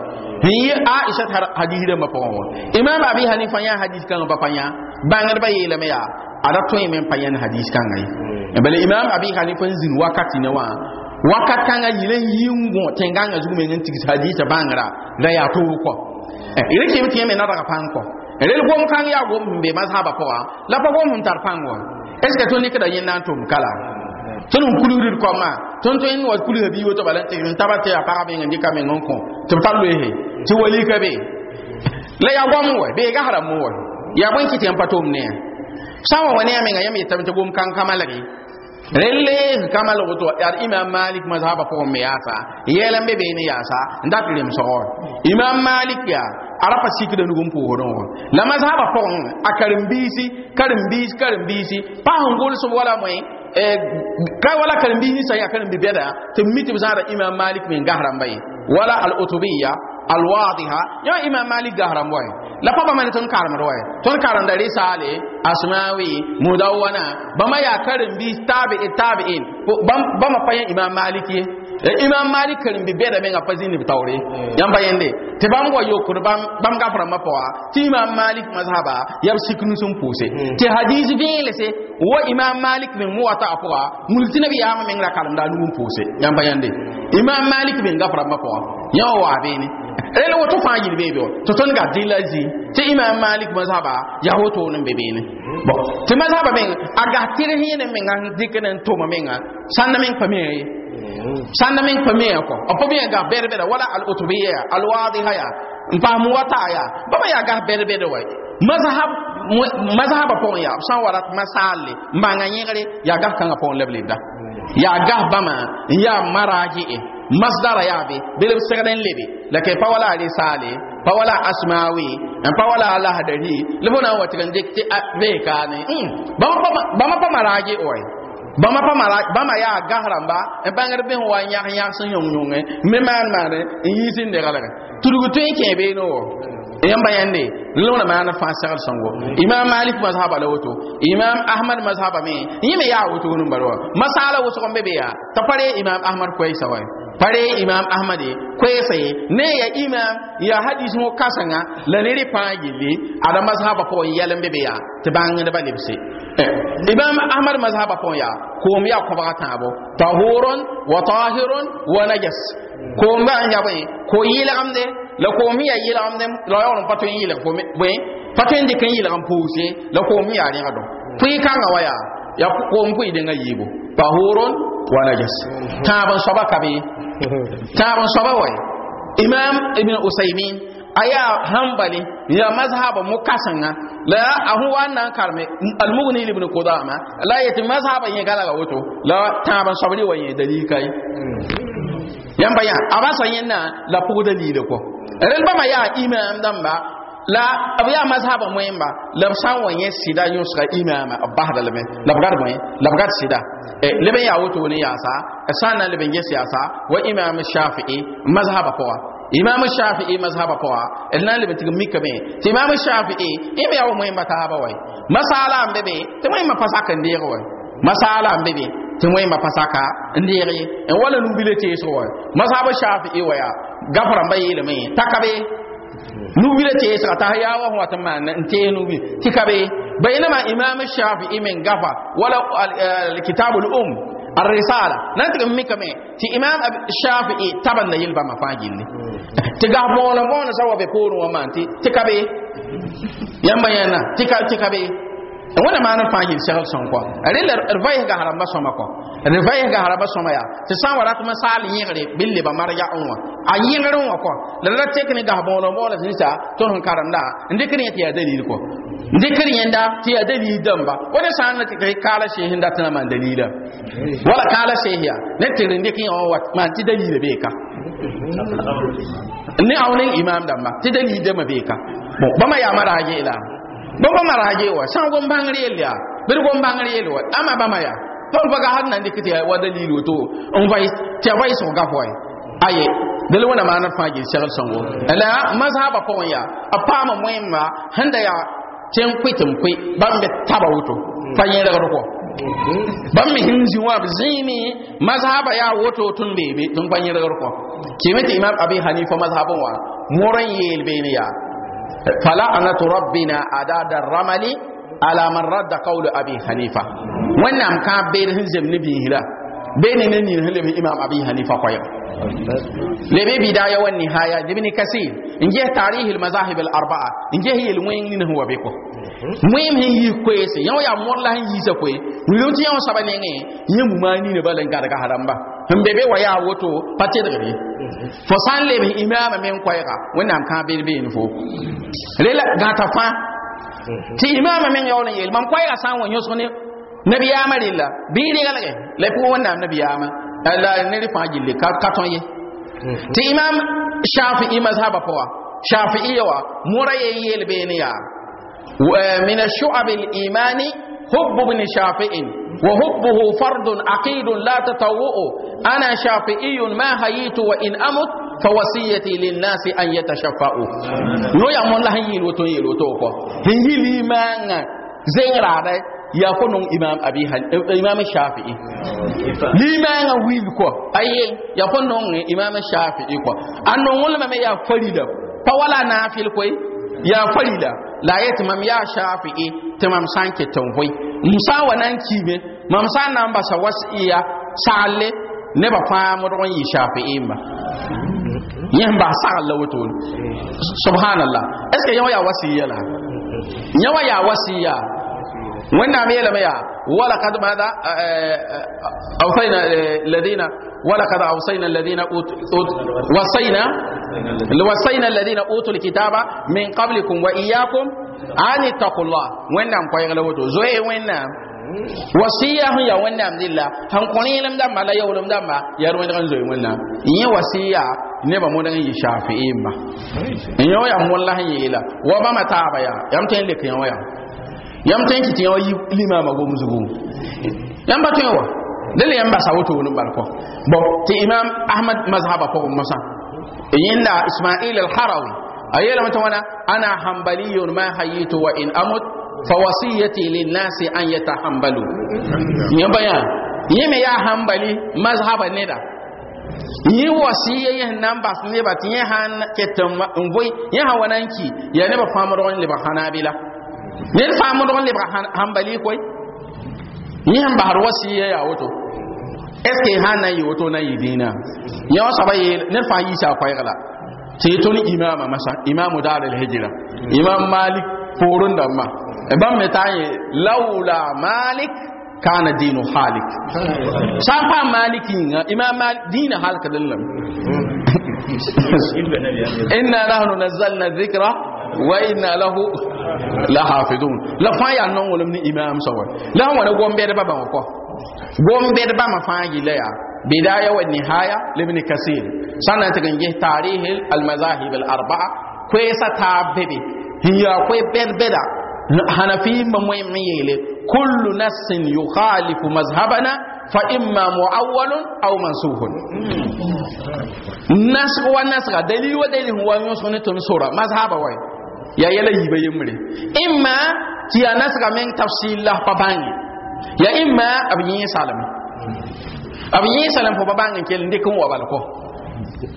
isa aisha hadisi da mafawon wa imam abi hanifa ya hadisi kan bafanya fanya bangar ba yi me ya ada to men payan hadisi kan ai bale imam abi hanifa zin wakati ne wa wakat kan ai le yingo tenganga zume ngin tigis hadisi bangara da ya to ko eh, ire ke mutiye me na daga panko rel eh, gom kan ya gom be mazhaba ko la pa mun tar pango eske to ni kada yin nan to kala tõnd n kulsd d kɔmã tõnd tõe wa kulsa bi woto bala n tɩg n taba tɩ yaa pagb yẽng dɩka meng n kõ tɩ b tar loese tɩ walika be la ya gɔm wɛ bee gasra mo wɛ yaa bõe kɩ tɩ yãmb pa tʋʋm ne a sã n wa wa ne a menga yãmb yetame tɩ gom kãng kamalge rẽlle sẽn kama lg tɩ ad imam malik mazhaba pʋgẽ me yaasa yɛɛl n be bee ne yaasa n dat remsgr imam malik yaa ara mm, pa sikda nugum pʋʋsdẽ wã la mazhaba pʋgẽ a karen-biisi karen-biis karen-biisi pa sẽn gols wala moe kai wala kan bi hisa ya kan bi beda to miti zara imam malik min gahram bai wala al utubiyya al wadiha ya imam malik gahram bai la papa man ton karam bai ton karam da risale asmawi mudawwana bama ya karin bi tabi'i tabi'in bama fayan imam maliki E, imam malik karim bi beda menga pazi ni tawre mm. yamba yende te bam wa yokur bam bam ga fara mapawa ti imam malik mazhaba yab siknu sun puse mm. te hadis vele Wa wo imam malik min muwata apwa multi nabi yama menga kalam da lum puse yamba yende imam malik bin ga fara mapawa yawa wa bene rela wato fa yi bebe to ton ga dilazi te imam malik mazhaba ya hoto nun bebe ne mm. bo te mazhaba a aga tirhi ne men ga dikenen to ma men ga sanna men pameye sanda min pa meya ko o pa meya ga berbera wala al utubiyya al wadiha ya pa mu wata ya ba ya ga berbera wai mazhab mazhab pa ya san wala masali mbanga nyere ya ga kan pa on leblida ya ga bama ya maraji e, masdara ya be bilib sirrin lebe lake pa wala risale pa wala asmawi en pa wala lahadari lifuna watiran dikti a be kane hmm. ba ma pa maraji oi bãmba pa mara bãmba yaa gas rãmba n bãngd bẽs wa yãg yãgs n yõng yõnge me maan maane n yiis n deglge tudg tõe n kẽ beene wo yãmba yãnde na maana fãa segl sõngo imam malik mazhaba la woto imam ahmad mazhaba me yẽ me yaa woto num bal wa masaala wʋsg n be be yaa t'a pa ree imam ahmad koɛɛsa wa pare imam ahmadi kwese ne ya imam ya hadis mo kasanga la ne ri pa li ada mazhaba po yelen bebe ya te bangin da libse eh, imam ahmad mazhaba po ya ko mi ya ko ba tabo tahurun wa tahirun wa najas ko mba nya bai ko yila amde la ko mi ya yila amde la yon pato yila ko bai pato ndi kan yila am pose la ko mi ya ri ado kuyi kanga waya ya kom ku idan ayibo fahurun wa najas taban soba kabe taban soba wai imam ibn usaymin aya hanbali ya mazhab mukasanga la ahu wannan karme almughni ibn qudama la yati mazhab yin gala ga wato la taban sabri ne yin dalil kai hmm. yan bayan abasa yin na la pu dalil ko ran ba ma ya imam dan ba la b yaa mazhaba wẽmba la b sida n wa yẽ sɩda yõsga imama b basda lame la b gad bõe la b gad sɩda e, leb n yaa wotone yaasa e, na leb n ges yaasa wa imam shafii mazhaba pʋga imam shafii mazhaba pʋga d e, na n leb n tɩg mikame tɩ imam shafii yẽ me yaa wa wẽmba taaba wa masaala n be be tɩ wẽmba pa sak n deeg wa masaala n be be tɩ wẽmba pa saka n deeg ye n wala nu-bile teesg wa mazhaba shafii wa yaa gafrãmba takabe nubila te esra ta ya wa wata ma nte nubi tikabe bai nama imam shafi'i min gafa wala alkitab eh, alum arrisala nan tikam mi kame ti imam shafi'i taban da yin ma fagin ne tiga bona bona sawabe ko ruwa ma ti tikabe yamba yana tikabe tikabe wẽna maan n fãa yɩl segl sẽn kɔ rel d va yɩsga haramba sõma kɔ d va haramba sõma yaa tɩ sã n wa saal yẽgre bɩ leba wã a yẽgr n wã kɔ la ra tek ne gas bõolem-bõola tɩ ninsã tɩ sẽn n dɩkr yẽ tɩ yaa dalil kɔ n dɩkr yẽnda tɩ yaa dalil dãmba wa ne sã n na maan dalila wala kaala yaa ne tɩgr n dɩk wã wa maan tɩ dalila beeka ne ne dãmba tɩ dalil beeka bãmba yaa ma bõmba maraage wa sã n gom yaa bd gom wa ama bãmba yaa tõl pa gasd nan dɩk tɩ wa dalil woto n tɩ a vaɩsg gaf wa aye dal wẽna maana fãa segl sõngo la a paama wẽmba sẽn da yaa tɩ n tɩ be taba woto pa yẽregd kɔ bãmb me sẽn zĩ wã b zĩime yaa woto beebe tɩ n pa yẽregd kɔ tɩ imam abi hanifa mazhabẽ wã n yeel beene yaa فلعنة ربنا أداد الرمل على من رد قول أبي حنيفة وإنهم كان بينهم زمن بيهلا بين نين هلم إمام أبي حنيفة قيم لبي بداية والنهاية لابن كثير إن جه تاريخ المذاهب الأربعة إن جه هي المين هو بيكو مهم هي كويس يوم يا مولا هي سكوي ويوم تيام سبعين يوم ما نيني نين بالنكار كهربا هم بيبي ويا وتو بتدري fo san le imama men koyga wẽnnaam kã bel been fo rela gãta fãa tɩ imama men yaool n yeel mam koɛɛga sã n wa yõsg ne nabiyaamã rella bɩ reglge la pʋg wẽnnaam nabiyaamã la ned fãa gilli ka tõe ye tɩ imam shafi'i mazhaba pa wa shafi'iya wa mora ye yeel beene yaa min shu'ab al-imani hubb ibn shafi'in وحبه فرض عقيد لا تتوؤ انا شافعي ما هيت وان امت فوصيتي للناس ان يتشفعوا لو يا مولا هيلو تو يلو توكو هيلي ما زينرا يا فنون امام ابي هن... امام الشافعي لي ما ويلكو اي يا فنون امام الشافعي كو انو ولما يا فريدا فولا نافل كوي ya da la ya tamam ya shafi'i tamam sanke ke tanhoi musa wanan kibe mam san nan ba sa wasiya sale ne ba fa mu yi shafi'i ba yin ba sa Allah wato subhanallah eske yawa ya wasiya la yawa ya wasiya wannan me lamaya ولقد ماذا آه، آه، آه، أوصينا الذين ولقد أوصينا الذين أوتوا وصينا وصينا الذين أوتوا الكتاب من قبلكم وإياكم أن اتقوا الله وين نعم قوي زوي وين نعم وصية يا وين نعم ذي الله هم قلين لم دم لا يولم دم يا وين نعم زوي وين نعم إن وصية نبى مودن يشافي إما إن يا مولاه يلا وبما تابع يا يمتين لك يا وين yam tẽn kɩ tɩ yã wa yi limaamã gomsd gom yãmba tõe wã dẽl yãmb basa woto wʋn n bal kɔ tɩ imam ahmad mazhaba pʋgẽ mosã yẽnda ismail alharawi a yeelame tɩ wãna ana hambaliyun ma hayitu wa in amut fa wasiyati linnasi an yatahambalu yãmba yã yẽ me yaa hambali mazhaba neda yi wasiya yi nan ba su ne ba tun yi han ketan voy yi hawa nan ki ya ne ba famar wani liban hanabila ne fa mo don le hambali koy ni han bahar wasi ya woto eske han na yi woto na yi dina ya wasa baye ne fa yi sa koy gala to ni imama masa imamu al hijra imam malik forun da ma e ban me yi laula malik kana dinu halik san fa maliki imam malik dina halka dillam inna nahnu nazzalna dhikra wa inna lahu la hafizun la fa ya non wolum ni imam sawa la wa na gombe da baba ko gombe da bama fa yi la ya bidaya wa nihaya libn kasir sana ta gange tarihi al mazahib al arba'a ko sa ta bebe kullu nassin yukhalifu mazhabana فإما معول أو منسوخ نسخ ونسخ دليل ودليل هو ينسخ نتن سورة مذهب وين ya yala yiba yemre imma ti ya nasga men tafsil la pa bangi ya imma abni salam abni salam fo babangi kel ndikon wa balko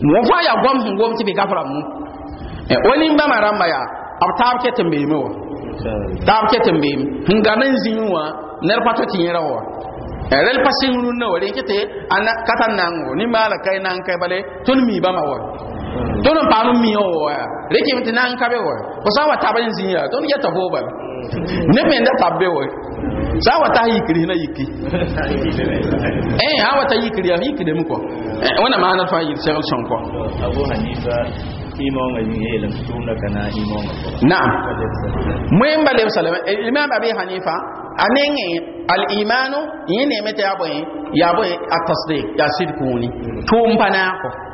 mo fa ya gom hun gom ti be gafara mu e woni ba maramba ya ab tab ke tembe ta tab ke tembe hun ganan zinwa nar pata ti yera wa e, rel passing run na wale kete ana katan nango ni mala kai nan kai bale tun mi ba ma wa tõnd n paam n mi wã wa rekɩm tɩ na n ka be wa fo sã n wa tab n zĩ yaa tõnd gɛta vooba ne menda tab yiki. wa sã n wa tas yikri yiki ta yikri yaa yikdem kɔ wẽna maana d fãa yɩl segl sõn kɔ naam moẽmba eh, imam abi hanifa a al-imanu yẽ neeme tɩ yaa bõe yaa bõe a tasdik yaa sɩd kũuni mm.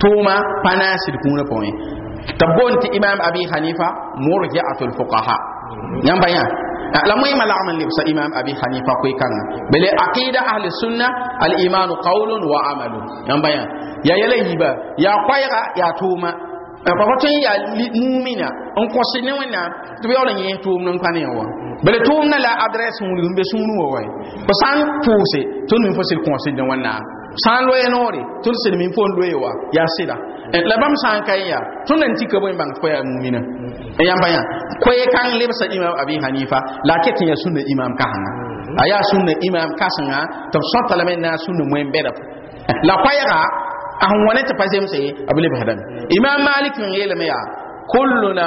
tuma pana sir kuna poe tabon ti imam abi hanifa murji'atul fuqaha yamba ya ah, la moy ma la'amal li sa imam abi hanifa koy kan bele aqida ahli sunna al iman qawlun wa amalun yamba ya ya yele yiba ya qayra ya tuma pa ko tin ya mu'mina on ko sinne wona to be yola nyi tum non kane wa bele tum la adresse mun be sunu wa wa ko san puse to nun fosil conseil de wana san loye nori tun sin min fon loye wa ya sida e, la bam san kan ya tun nan tika boy bang koya mu'mina e yan baya koye kan lebsa imam abi hanifa la ketin ya sunna imam kahanga aya sunna imam kasanga to sota la men na sunna moyen beda la koyera an wona ta fasem sai abule bahadan imam malik min yele ya kulluna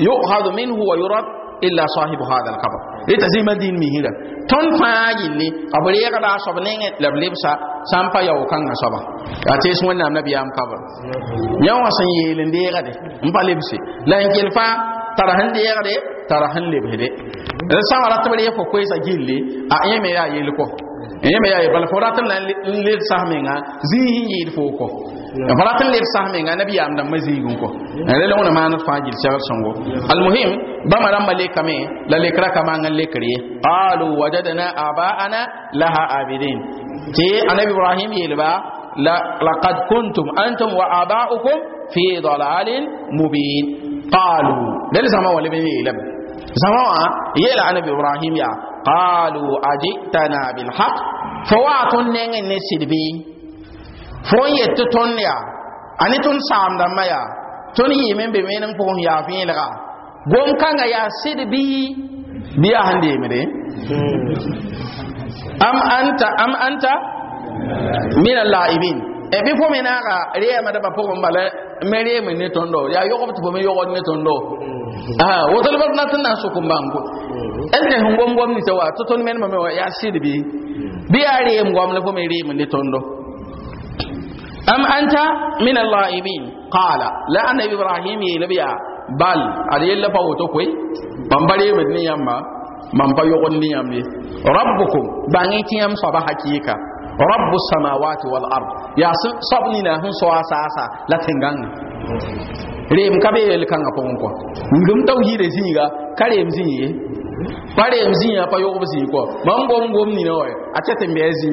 yu'khadhu minhu wa yurad illa sahibu hadha al-qabr a zima din mihira ton faaji ni abure ya kada so bnen lablebsa sampa ya ukan na soba ate sun wannan annabi ya am kabar yan wasan yelin de ya de mbalebse la kilfa tarahan de ya de tarahan lebhede a yeliko yẽme yaa ye bala fo rat n leb sas menga zĩig n yɩɩd foo kɔ fo rat n leb sas menga nabiyaam dãmbã zĩig n kɔ rela wẽna maand d fãa gil segl sõngo almuhim bãmba rãmbã lekame la lekra ka maang n lekr ye qalu wajadna abaana laha abidin tɩ anabi ibrahim yeelba laqad kuntum antum wa aba'ukum fi dalalin mubin qalu rel zãma wa leb n yeelame zãma wã yeela anabi ibrahim yaa qalu ajitana bil haqq fo wa ton ne ne silbi fo yet ton ani ton sam da yi men be men ko ya ya silbi biya hande mere am anta am anta min al-la'ibin e bi fo men aga riya ne tondo ya yogo to me mm. tondo ah wotal bat na tan na el ne hun gom gom ni tawa to ton men mame wa ya sidi bi bi ya re gom la ko me re mun ni tondo am anta min allahimin qala la anna ibrahim ya nabiya bal ala yalla fa woto koy bambare mun ni amma? man ba yogon ni yamni rabbukum bangi tiyam saba hakika rabbu samawati wal ard ya sabni na hun so asasa la tenganga rem kabe el kanga ponko ngum tawhide zinga kare mzinye pare mzi ya pa yob zi ko mam gom gom ni no a chete mbe zi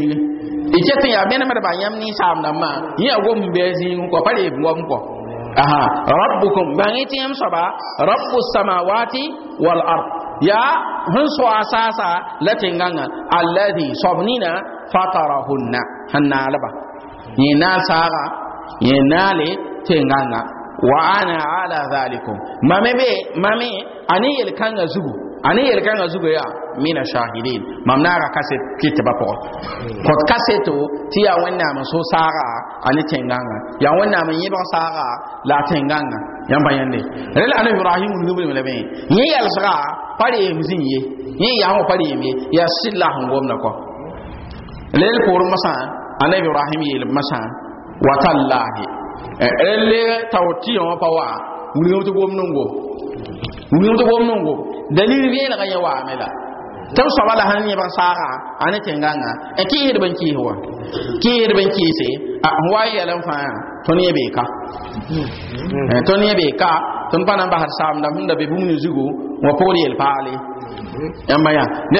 i chete ya mena mera ba yam ni sam na ma a gom mbe zi ko pare gom ko aha rabbukum bangiti yam saba rabu samawati wal ard ya hun so asasa latin ganga alladhi sabnina fatarahunna hanna alaba ni na saga ni nale tenganga wa ana ala zalikum mame be mame ani yel kanga zugu ane yel kanga zugo ya mina shahidin mamnara kase kite ba pokot kot kase to ti ya wenna ma so sara ane tenganga ya wenna ma yi ba sara la tenganga yan bayan ne rel ane ibrahim ibn ibn lebe yi yal sara pare muzin yi yi ya ho pare yi ya sillah ngom na ko lel kor masa ane ibrahim yi masa watallahi rel le tawti yo pawa wilgam tɩ gom nengo wilgam tɩ gom nengo dalil veelga yẽ waame la tɩ b soaba la sãn e ban saaga a ne tẽngãngã a kɩɩsd bn kɩɩs wa kɩɩsd bn kɩɩse lan fa to ne be ka hmm. e, to ne be ka yẽ beeka tõnd pa na n basd be bũmb ne zugu wã pʋgd yel paale hmm. yãmba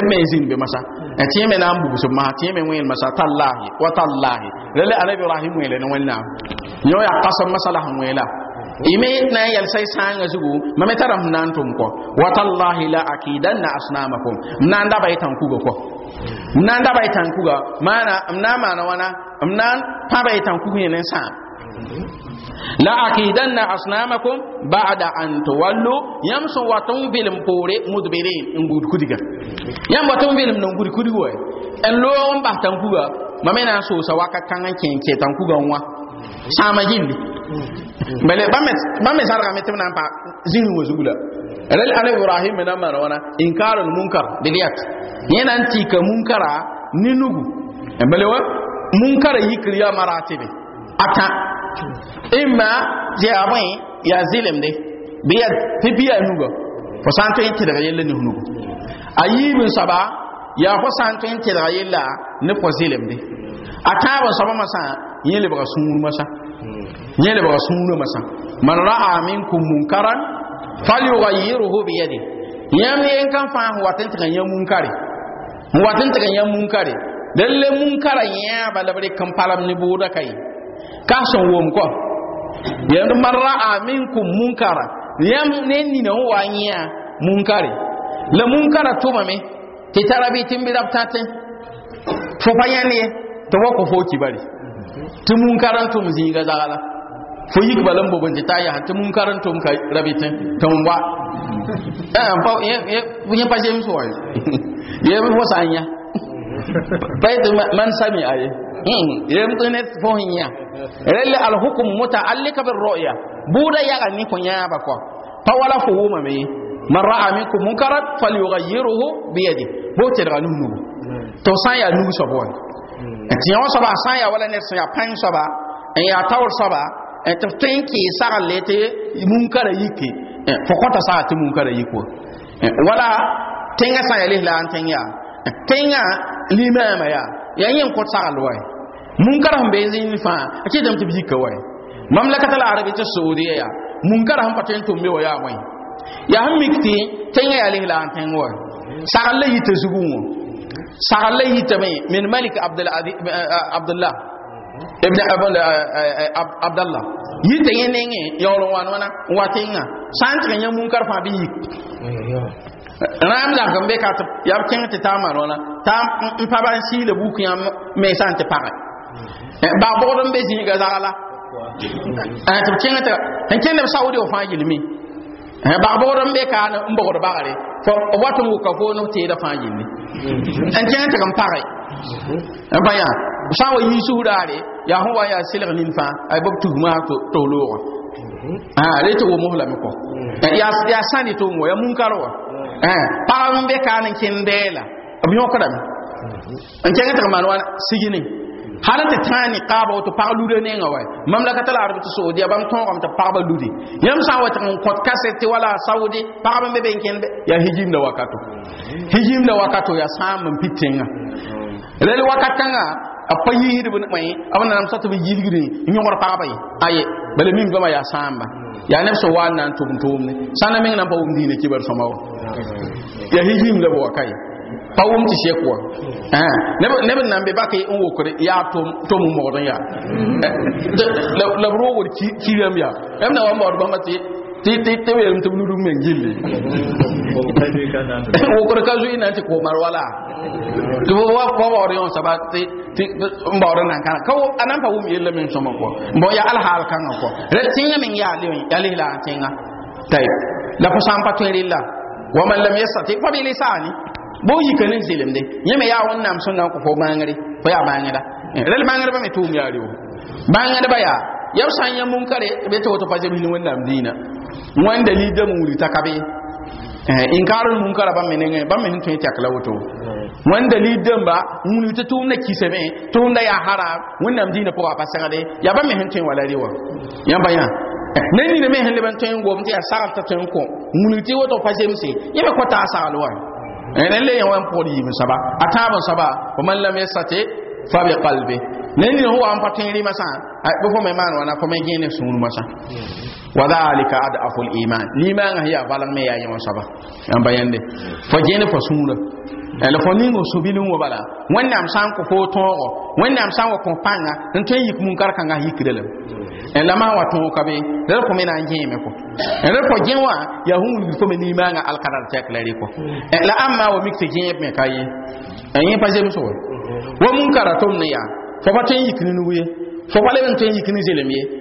me n be masa? E, tẽ me nan bu bubs b masã masa? me wẽel masã tallahi wa tallahi rala anabi ibrahim wẽele ne wẽnnaam yõ yaa kasem masã ime na yal sai sanga zugu mame taram nan tum ko watallahi la akidanna asnamakum nan da bai tan kugo ko nan da bai tan kugo mana amna mana wana amna pa bai tan kugo ne sa la akidanna asnamakum ba'da an tawallu yamsu watun bilim mpore mudbirin ngud kudiga yam wa bilim nan gud kudigo e. en lo on ba tan kugo mame na so sa waka kan kan ke tan kugo wa sama jindi bale me sarga me tumna pa zin wo zugula ral ala ibrahim na marwana inkarul munkar diliyat yana anti ka munkara ninugu e bale wa munkara yikri ya maratibi ata imma je abin ya zilim de biya tibiya nugo fo santo yiti daga yelle ni nugo ayibin saba ya fo santo yiti daga yella ne fo zilim de ata ba saba masa yele ba sunur masa ne le ba sunu masa man ra'a minkum munkaran falyughayyiruhu bi yadi yam ne en kan fa ho watin tan yam munkare ho watin tan yam munkari dalle munkara ya balabre kan palam ni boda kai ka son wom ko yam man ra'a minkum munkara yam ne ni na wa anya munkari la munkara to mame ti tarabi bi rabtate fo payani to ko fo bari tumun karantum zinga zagala fo yik balam bo bonje ta ya ta mun karanto mun kai rabita ta mun ba eh pa ye ye pa jem so ye ye mo sanya bai man sami aye ye mun ne fo hinya rel al hukm muta'allika bir ru'ya buda ya ni ko nya ba ko pa wala fo wuma me man ra'a minkum munkaran falyughayyiruhu bi yadi bo te daga nuhu to san ya nuhu so bon tiyan mm. so ba san ya wala ne so ya pan so ba en ya tawr so ba tɩ f tõe n kɩɩ sagenle tɩ munkara yike eh, fo kõta saga tɩ munkara yik wa eh, wala tẽngã sã eh, ya lesla n tẽng yaa tẽngã limaamã yaa yaa yẽ n kõt sagl wa munkara sẽn bee zĩnd fãa a kɩtame tɩ b yika wa mamlakata la arabi tɩ saudiya yaa munkara sẽn pa tõe n tʋmbe wa yaa wẽ yaa sẽn mik tɩ tẽngã yaa lesla n tẽng wa sagl la yita zugẽ wã sagl la yitame min malik abdullah ibn abul eh, eh, eh, abdallah yita yin ne yawon wani wana watin na san ta yan mun karfa bi ram da kan be ka ta ya kin ta ta maro na ta in fa ban si le buku ya me san ta fara ba bodon be si ga zala an ta kin ta kan kin da saudi wa fa gilmi ba bodon be ka na in ba ba gare fo wato ko ka fo no te da fa gilmi an mm-hmm. kin ta kan fara baya sawa yi su dare ya ho wa ya selg nin fãa ay bob tugumã toglooga rẽ tɩ wʋmf lame kɔ yaa sã ne tʋʋm wa mhm. ah, mhm. eh, ya munkar wa mhm. eh, pagb n be kaan n kẽn dɛɛla b yõkdame n kẽng tɩg maan wa signi hal tɩ tãag niqaaba tɩ pag luda nengã wa mamlakat al arab tɩ saudia bãmb tõogame tɩ pagba lude yãmb sã n wa tɩg n kõt kasɛtɩ wala saudi pagb n be be n kẽn yaa hijimda wakato da wakato ya sãam n pi tẽngã rel wakat kãngã a pa yiiri bin mai abin da namsa tabi yiiri ne yi paɣaba yi ayi bala min gama ya san ba ya ne so wa nan tum tum ne sana min nan pawum dine kibar sama wa ya hi him labo kai pawum ti she kwa eh ne ne bin nan be ba kai unwo kure ya tum tum mo don ya eh, labro wor ki ki ya em na wa mo ba ma ti títí wèé tó lúrú mẹ́gìlì òkúrò kájú ina ti kò marwala tuwa wá kọ́ ọ̀rẹ́ wọn sábà tí ń bá ọ̀rẹ́ kan kawo anan fa wumi yẹlẹ min sọmọ kọ mbọ ya alhal kan kọ rẹ tiɲɛ min yà ale yàlẹ la tiɲɛ tayi lafusan patuwere la wa man lam yasati fa bi lisani bo yi kanin zilim de yeme ya wannan sun nan ko fo bangare ko ya bangada rel eh, bangare ba mi tum ya riwo ba ya yau san ya mun kare be to to fa jami'in wannan dina wanda li da muri ta kabe eh, inkarul munkara ba menene ba men tun ta kala wato wanda li damba mun ta tum na kisame tum da ya hara wannan dina ko ba sangade ya ba men tun wala rewa yan bayan ne ni ne men hande ban tun go mun ta sagal ta tun ko mun ti wato fa jemse ya ba ko ta sagalwa ne le yawan wan poli mi saba ataba saba wa man lam yasati fa bi qalbi ne ni ho an patin ri masa ai bo fo me man wana fo me gene sun masa wa dhalika adaful iman liman hiya balang me yayi wasaba an bayande fa jene fa sunura la fo ningo sobilin wo bala wannam san ko fo togo wannam san wo ko panga tan tan yik mun kar kanga yikrelem en lama wa to ka be la ko mena ko en la ko jenwa ya hun ko me liman al qadar tek ko en la amma wo yi pa so mun ne ya fa fa le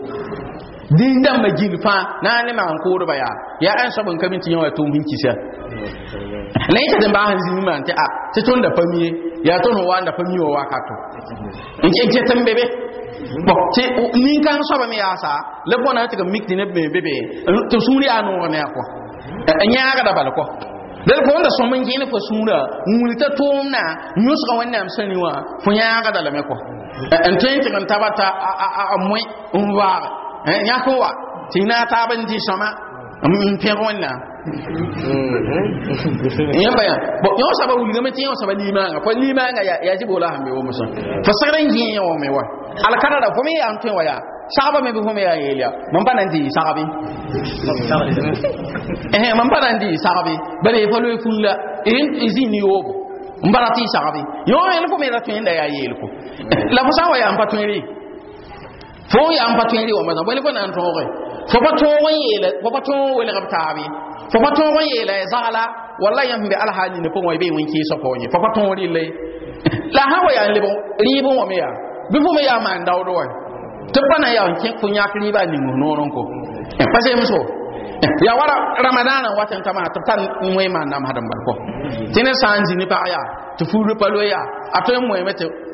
din ma gil fãa na ne ma maan ba ya? Ya an sabon kamin ka yawa to yẽ wa tʋʋm sẽn kisa ba yẽ sẽn baasẽn ta a ta tõnda pa mie yaa tõnd n waanda pa mi wã wakato n ket n be be bon tɩ nin-kãng soaba me yaasa la bõna tɩ mik tɩ be be tɩ sũur yaa ne a kɔ n yãagda bal kɔ dal ko wanda so mun gina fa sura mun ta tumna nyus ga wannan sani wa fun ya ga dalame ko an tayin tin tabata a a a mu umwa Eh, yãkẽ mm-hmm. wa tɩ y na a taab n dɩ sõma n pẽg wẽnnaam yãmba yã bon yõ soaba wilgame tɩ yõ soaba limaanga pa limaanga yaa zɩ boola sẽn be wʋm sõ fo segd wa alkadara fo me yaa n tõe wa yaa sagba me bɩ fo ya mam pa na n dɩ sagbe fa la izini ni yoobo n bara tɩ y sagbe yõ ra tõe da yaa la wa fo ya pa tun yi wa bali kwana to ko fo pa to wa yi la fo pa to wa la ta bi fo pa to wa yi la zala wallahi yan bi alhaji ne ko wa bi wanki so ko ni fo pa to ri le la ha wa ya le bon ri bon wa me ya bi fo me ya ma nda wo do wa to pa na ya wanki ku nya kri ba ni mu no ron ko eh, pa se mu so eh, ya wara ramadana wa tan tama ta tan mu ma na ma dan bar ko tin san ji ni pa ya to fu ru pa lo ya a to mu me te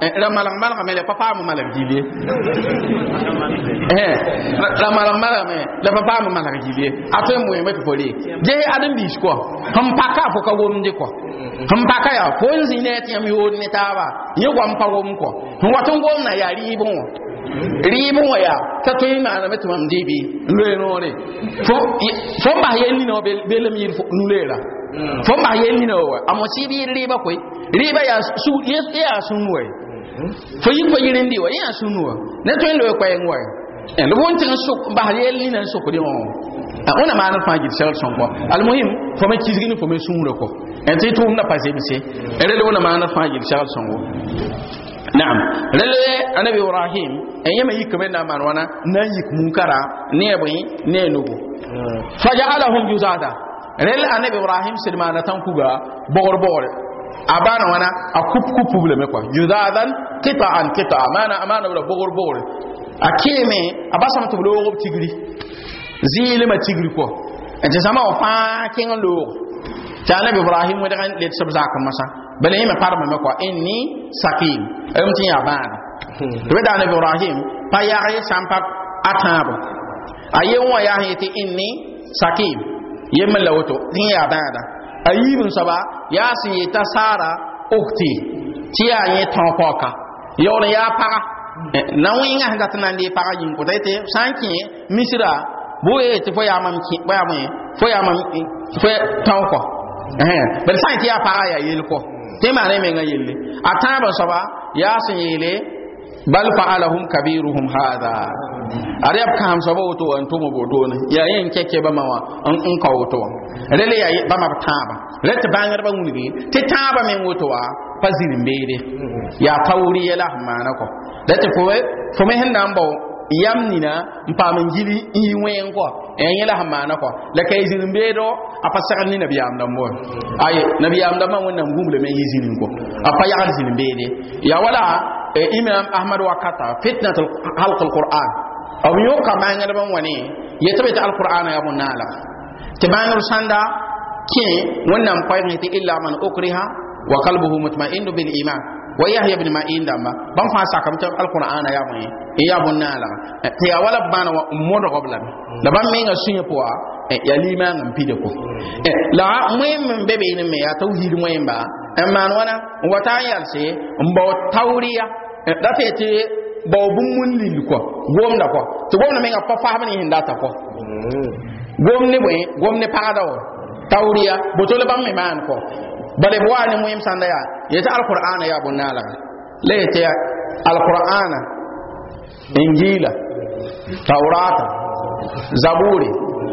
la eh, malam malam me le papa mo jibe eh la malam malam me le papa mo malam jibe mo e metu fori je adam bi sko hum paka fo ka wom ko ya ko zine ti mi won ne tawa ye ko mpa wom ko na ya ribo ya ta to ina na metu mam dibi le no ne fo fo ba ye ni no be le mi fo fo ba ye ni no wa amo riba ko riba ya su fo yi fo yirin di wa ya sunuwa ne to yin lo kwa yin wa en lo wonte so ba ha yel ni nan so ko di on ona ma na fa gi sel son ko al muhim fo me ne fo me sunura ko en te to na pase bi se ere lo na ma na fa gi sel son ko na'am lalle annabi ibrahim en yema yikme na man wana nan yik munkara ne bi ne nugo hmm. faja'alahum juzada rel annabi ibrahim sirmana tan kuga bogor bogor a wana a kup kup problème quoi judadan qita'an qita'a mana amana wala bogor bogor a keme a basam to lo tigri zile ma tigri ko en je sama o fa ken lo ta nabi ibrahim wa dan le sab zakam masa bale ma parma me ko inni sakim am tin abana. bana we da nabi ibrahim pa ya re sampa atabo ayen wa ya hiti inni sakim yemma lawoto tin ya bana a yiibn ya yaa ta sara ukti okti tɩ yaa yẽ tõog paooka yaoor yaa eh, na wẽngã sẽn dat n na n dee pagã yĩngo da yetɩ misira n e fo ya mam kẽ fo mam eh, fo me a tãabã soaba ya sẽn bal fa'alahum kabiruhum hadha ari ab kam sabo boto an to mo bodon ya yin keke ba mawa an an ka woto lele ya ba ma taba let bangar ba nguni te taba men woto wa fazin mbere ya pauri ya lahmana ko let ko to me hen nan bawo yam nina mpamin gili yi wen ko en yi lahmana ko le kay zirin bedo apa sakan ni nabi amdan mo ay nabi amdan man wannan gumle men zin ko apa ya zin bede ya wala imam ahmad wakata fitnat halq alquran aw yo ka bangal ban wani yetabe ta alquran ya munala te bangal sanda ke wannan fayin ta illa man ukriha wa qalbuhu mutma'innu bil iman wa yahya ibn ma'in damba ban fa sakamta alquran ya mun ya munala te ya wala bana wa ummu qabla da ban me ga sunye poa ya lima ngam pide ko la muhimmin bebe ne me ya tauhid muhimba amma wana wata yalse mbo tauriya da te te ba bun mun lil ko gomna ko to gomna me ga pa fa ni hinda ta ko gomne boy gomne pa da ya, tawriya botole mai mayan kwa Ba da buwa ne muhim sanda ya ya ta alkur'ana ya nala laita ya alkur'ana injila taurata zaburi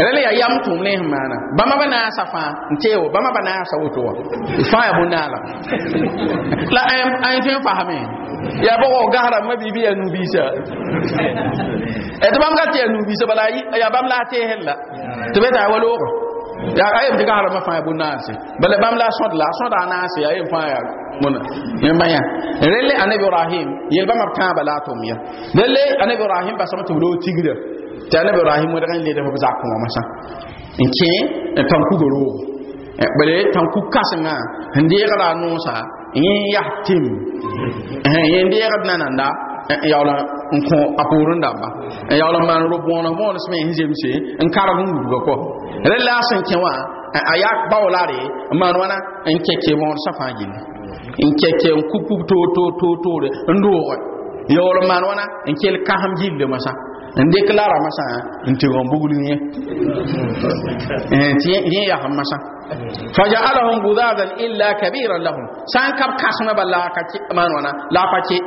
rẽl yaa yam tʋʋm ne sẽn maana bãmba ba naasa fãa n teeo bãmba ba naasa woto wã fãa yaa bõn-naalã la ãn tõe n fasame yaa bɔgɔ gasra ma bibi yaa nubiisa tɩ bãmb ka tɩ yaa nubiisa bala yaa bãmb la a teesẽn la tɩ be tɩ a wa loogo a yem tɩ gasra ma fãa yaa bõn-naalse bala bãmb la a sõd la a sõda a naase a yem fãa yaa mona yẽmba yã rẽl a nabi ibrahim yel bãmba b kãa bala a tʋm ya rẽl a nabi ibrahim basame tɩ b loog tigra tɩ a nabi ibrahim wẽdg n leeda b zak wã masã n eh, ta tõn kug roogo eh, bale tõn kug kãsengã n deegra a noosã yẽ yas tɩm yẽ deegd nananda n yaool n kõ a pʋʋr n dãmba n yaool n maan rob-bõona bõon sẽn me sẽn kɔ rẽ la sẽn kẽ a yaa baoolare n maan wãna n kɛke bõod sã fãa gilli n kɛke to to to to toor toor toore n doogɛ yaool n maan wãna n Eh? n eh, dɩk la rãmbã sã n teg n bugl yẽ yẽ yaa masã fa jaalahum gudaban illa kabira lahum sã n kab kãsemã bala maan wãna la a pa ke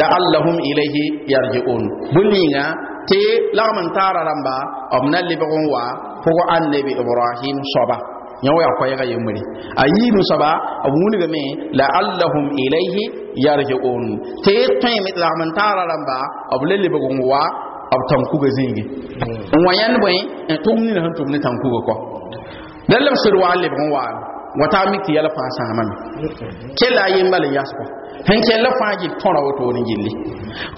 laallahum ilayhi yarji'un bõn ninga tɩ lagm n taara rãmba b na lebg n wa pʋg annabi ibrahim soaba yã wa yaa koɛɛgã yembre a yiim soaba b wilgame laallahum ilayhi yarji'un tɩ tõeme tɩ lagm n taara rãmba b la lebg n wa b tãmkuga zĩige n wa yãnd bõe n tʋg nina sẽn tʋm ne tãmkuga kɔ la leb sɩd waa wa wata mik tɩ yɛl fãa man me hmm. kella a yen bal n yaspa sẽn kell fãa gil tõra wotoor n gilli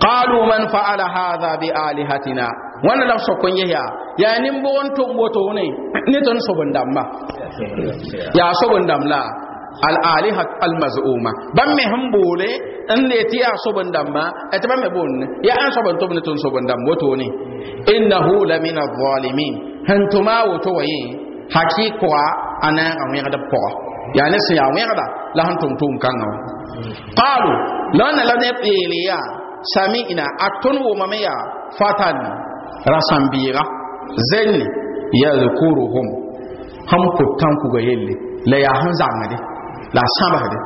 qalu man faala hadha bi alihatina wãnda la b sõk n ges yaa yaa nin-boog n tʋm ne ton so n dãmba hmm. yaa sob n la al'aliha aliha al-maz'uma bam me hambole an ne ti ya soban damma ta ban me bon ya an so ban to ne tun soban dam woto ne innahu la min adh-dhalimin hantuma woto waye haqiqa ana ya da po ya ne sai ya ngamwe da la han tun tun kan kanga qalu lana la ne ya sami ina atun wo mame ya fatan rasambira zenni yadhkuruhum ham ko tanku ga yelle la ya han zangade la sãbsde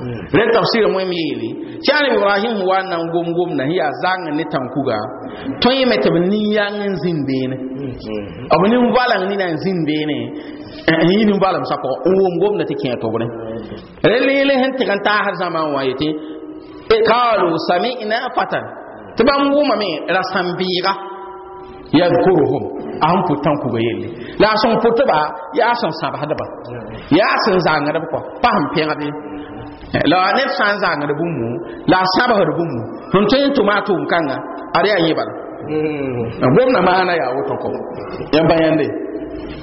hmm. rel tafsirã wẽm yeele tɩ ibrahim wa n na n gom hmm. na sẽn yaa ne tãn kuga tõe me tɩ b nin-yãng n zĩnd beene b nin-valg nina n zĩnd beene n yɩ nin-valem sapg n wom-gomda tɩ tʋbre leele sẽn tɩg n taasd zãma n a sẽn pʋd tãn kuga yelle la a sõng pʋtba ba sẽn sãbsdba yaa sẽn zãngdb kɔ pa sẽn pẽgde la ne san zanga da bũmbu la a sãbsd bũmbu tun tõe n tʋma a tʋʋm kãnga ad yaa yẽ bala hmm. gomna maana yaa woto kɔ yã bãyãnde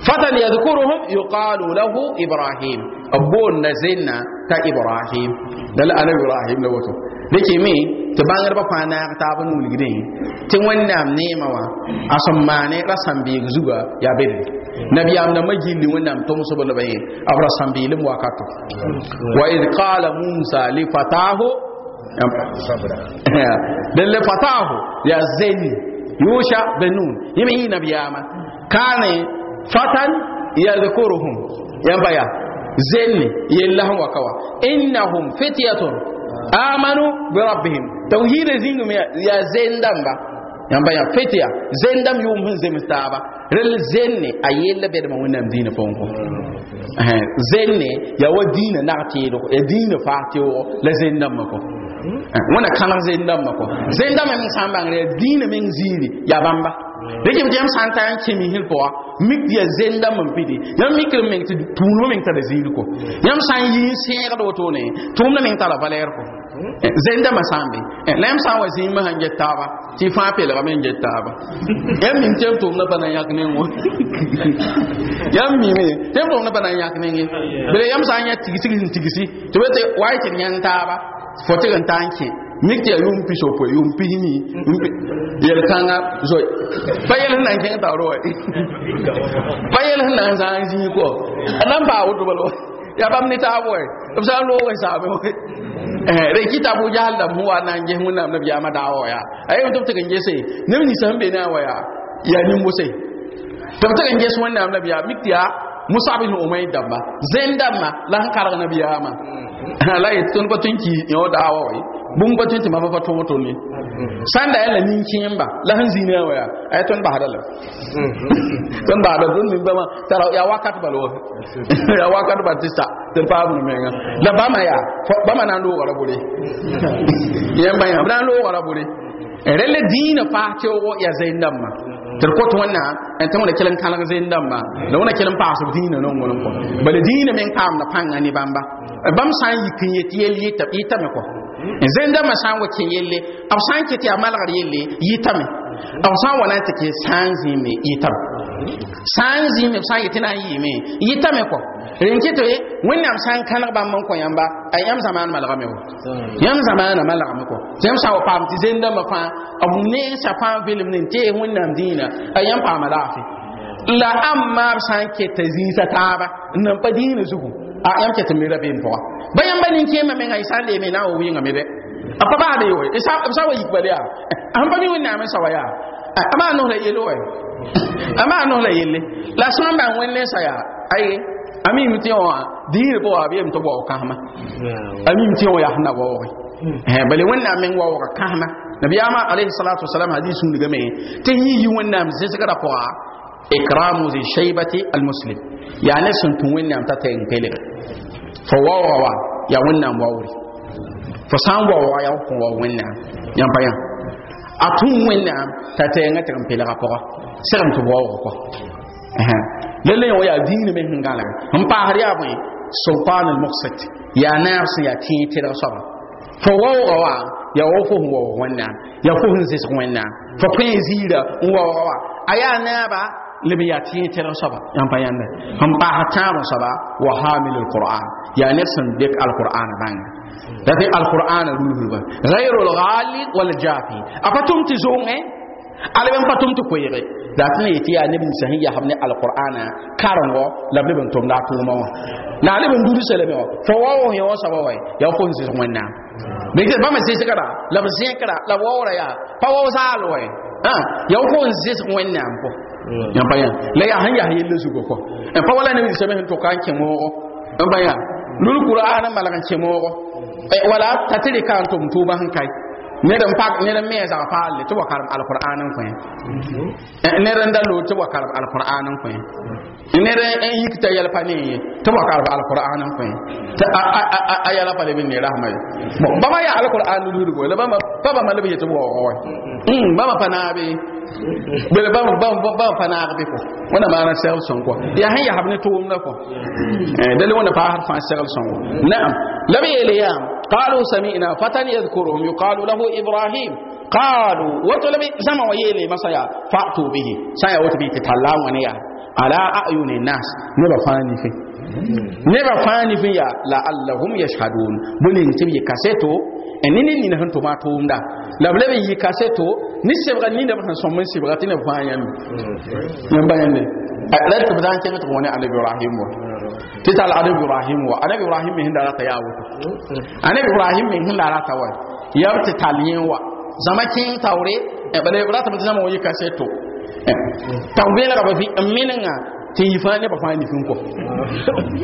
fatan yadkuruhum yuqalu lahu ibrahim abun boonda t'a ibrahim dal anabi ibrahim la woto dake mi ti bangar ba fana ta ban wulgire tin wannan nema wa ma ne rasan bi zuga ya bin nabi amna majili wannan to musu bala bayin abra san bi lim wakato wa id qala musa li fatahu dan le fatahu ya zeni yusha benun yimi nabi ama kane fatan yadhkuruhum yamba ya zaini yellahum wakawa innahum fityatun amanu bi rabbihim tawhid e zingum ya zendam ba yamba ya fetiya zendam yum hun zemstaba rel zenne ayella be dama wonam dina fonko eh zenne ya wadina na tiido e dina fatio la zendam mako. wẽna kãlg zẽndãmbã kɔ zẽndãmbã meng sã n dĩinã meng yaa bãmba yãmb sã n tar n pʋga yaa n pidi yãmb mikr meng tɩ meng tara kɔ yãmb sã n yɩ n sẽegd wotone tʋʋmdã meng tara valɛɛr kɔ sã n be la yãmb sã n wa n get taaba tɩ fãa pelgame n get taaba yãmb mim tɩ tʋʋmdã na n yãk neng wã yãmb mime tɩ b tʋʋmdã pa na n yãk yãmb sã n yã tigsi be tɩ wa y tɩ d fotir n ta mik tɩ yaa yʋʋm pis opoe yʋʋm pis mi yel pa yel sẽn na n wa pa yel sẽn na n zãag zĩig a na n paa wa yaa bãmb ne taab wɛ b sã n loog wa wa na n ges wẽnnaam nabiyaamã a yem tɩ b gese neb ninsã sẽn a wa yaa yaa tɩ b tɩg n ges wẽnnaam mik tɩ yaa dãmba zẽn la sẽn la yi tun tun ki yo da awa wai bun batun ti mafa fatu to ne san da yalla nin kin ba la han zina waya ay tun ba hadala tun ba da dun ba ma tara ya wakat lo ya wakat tista tun pa bu menga la ba ma ya ba ma nan lo wara bure yan ba ya ba nan do wara bure rele dina fa ce ya zainan ma tɩ d kot wẽnnaam n tɩ wẽna kell kalan zainan ma, da wannan wẽna fa su dina dĩinã nongo ko kɔ dina min kam na pãnga ne ba. bam san yi kin yi yelle ta ta me ko hmm. zenda ma san wa kin yelle ab san ke ti amal gar yelle ta me ab san wala ta ke san zi me ta san zi me san yeti na yi me ta me ko rin ke to e wani am san kan ba man ko yamba ai yam zaman mal gar me ko yam zaman mal gar me ko zem sa wa pam ti zenda ma fa abu ne sa fa film ne te wani nan dina ai yam pa ma fi la amma san ke ta zi sa ta ba nan pa dina zuku. a yam ket mi rabe mpo ba yam ba nin kema me ngai sande me na o wi ngame be a pa baa de yo e sa sa wa yik bale ya eh, am pa ni wona me sa wa ya eh, ama no la yelo e ama no la yele la so ba won le sa ya ai ami mi ti o dir a abi em to bo ka ma ami mi ti o ya hmm. eh, na bo eh bale wona me ngwa wa ka ma nabiyama alayhi salatu wa salam wasalam hadithun digame tin yi yi wona me se se ka da ko إكرام ذي الشيبة المسلم يعني سنتم وين نعم تتين قلق فواوا يا وين نعم واوري فسان واوا يا وين نعم يا بيان أتون وين نعم تتين قلق قلق قلق سرم تبواوا قلق lele yo ya dini me ngala hum pa hari abun sultan al muqsit ya nafs ya tin tira saba fo wo wa ya wo fo wo wanna ya fo hun sis wanna fo pen zira wo wa aya na ba لم ياتي ترى صبا يام بيان هم باه تام صبا وحامل القران يا يعني نفسن بك القران بان ده القران المهم غير الغالي والجافي افتم تزون ايه علم فتم تكويري لكن يتي ان ابن سهي يحمل القران كارنغو لم ابن توم لا توما لا لم دودي سلام فواو هي وصبا وي يا فون سي سمنا بيك با ما سي سكرا لا سي كرا لا واو ريا فواو سالوي ها يا فون سي سمنا بو ya pa ya la ya han ya yelle zugo ko en pa wala ne mi sebe to kan ke mo en pa ya qur'ana malakan ke mo eh, wala tatire kan to mtuba han kai ned pak ned n me zag paalle tɩ wa karem alqur'an n kõ ned da loog tɩ wa karem alqur'an n kõ ned n yik t'a yɛl pa ne ye tɩ wa karem mm, alqur'an n kõ tɩ a yɛla pa leb n ne rasma ye bãmba yaa alqur'an luludgo la pa bãmba leb yetɩ b waoogo wɛ bãmba pa naabe bele bãmb pa naag bɩ kɔ wẽna maana قالوا سمعنا فتى يذكرهم يقال له إبراهيم قالوا وطلب زما ويلي سيا فأتوا به سيا وتبي تتعلم ونيا على أعين الناس نبا فاني في نبا فاني في لعلهم يشهدون بنين تبي كاسيتو ni ne nina sẽn tʋma tʋʋmda la b leb n yɩ kaseto ne sebga nina b sẽn sõm n sebga tɩ ne b fãa yãmb yãmba yãmbe ra tɩ Tital tal anabi ibrahim wa anabi ibrahim min hinda rata yawo anabi ibrahim min hinda rata wa yar ti taliyin wa zama kin tawre e eh, bale rata mun zama wayi kaseto eh, tawbe la ba fi amininga ti yifa ne ba fa ni fin ko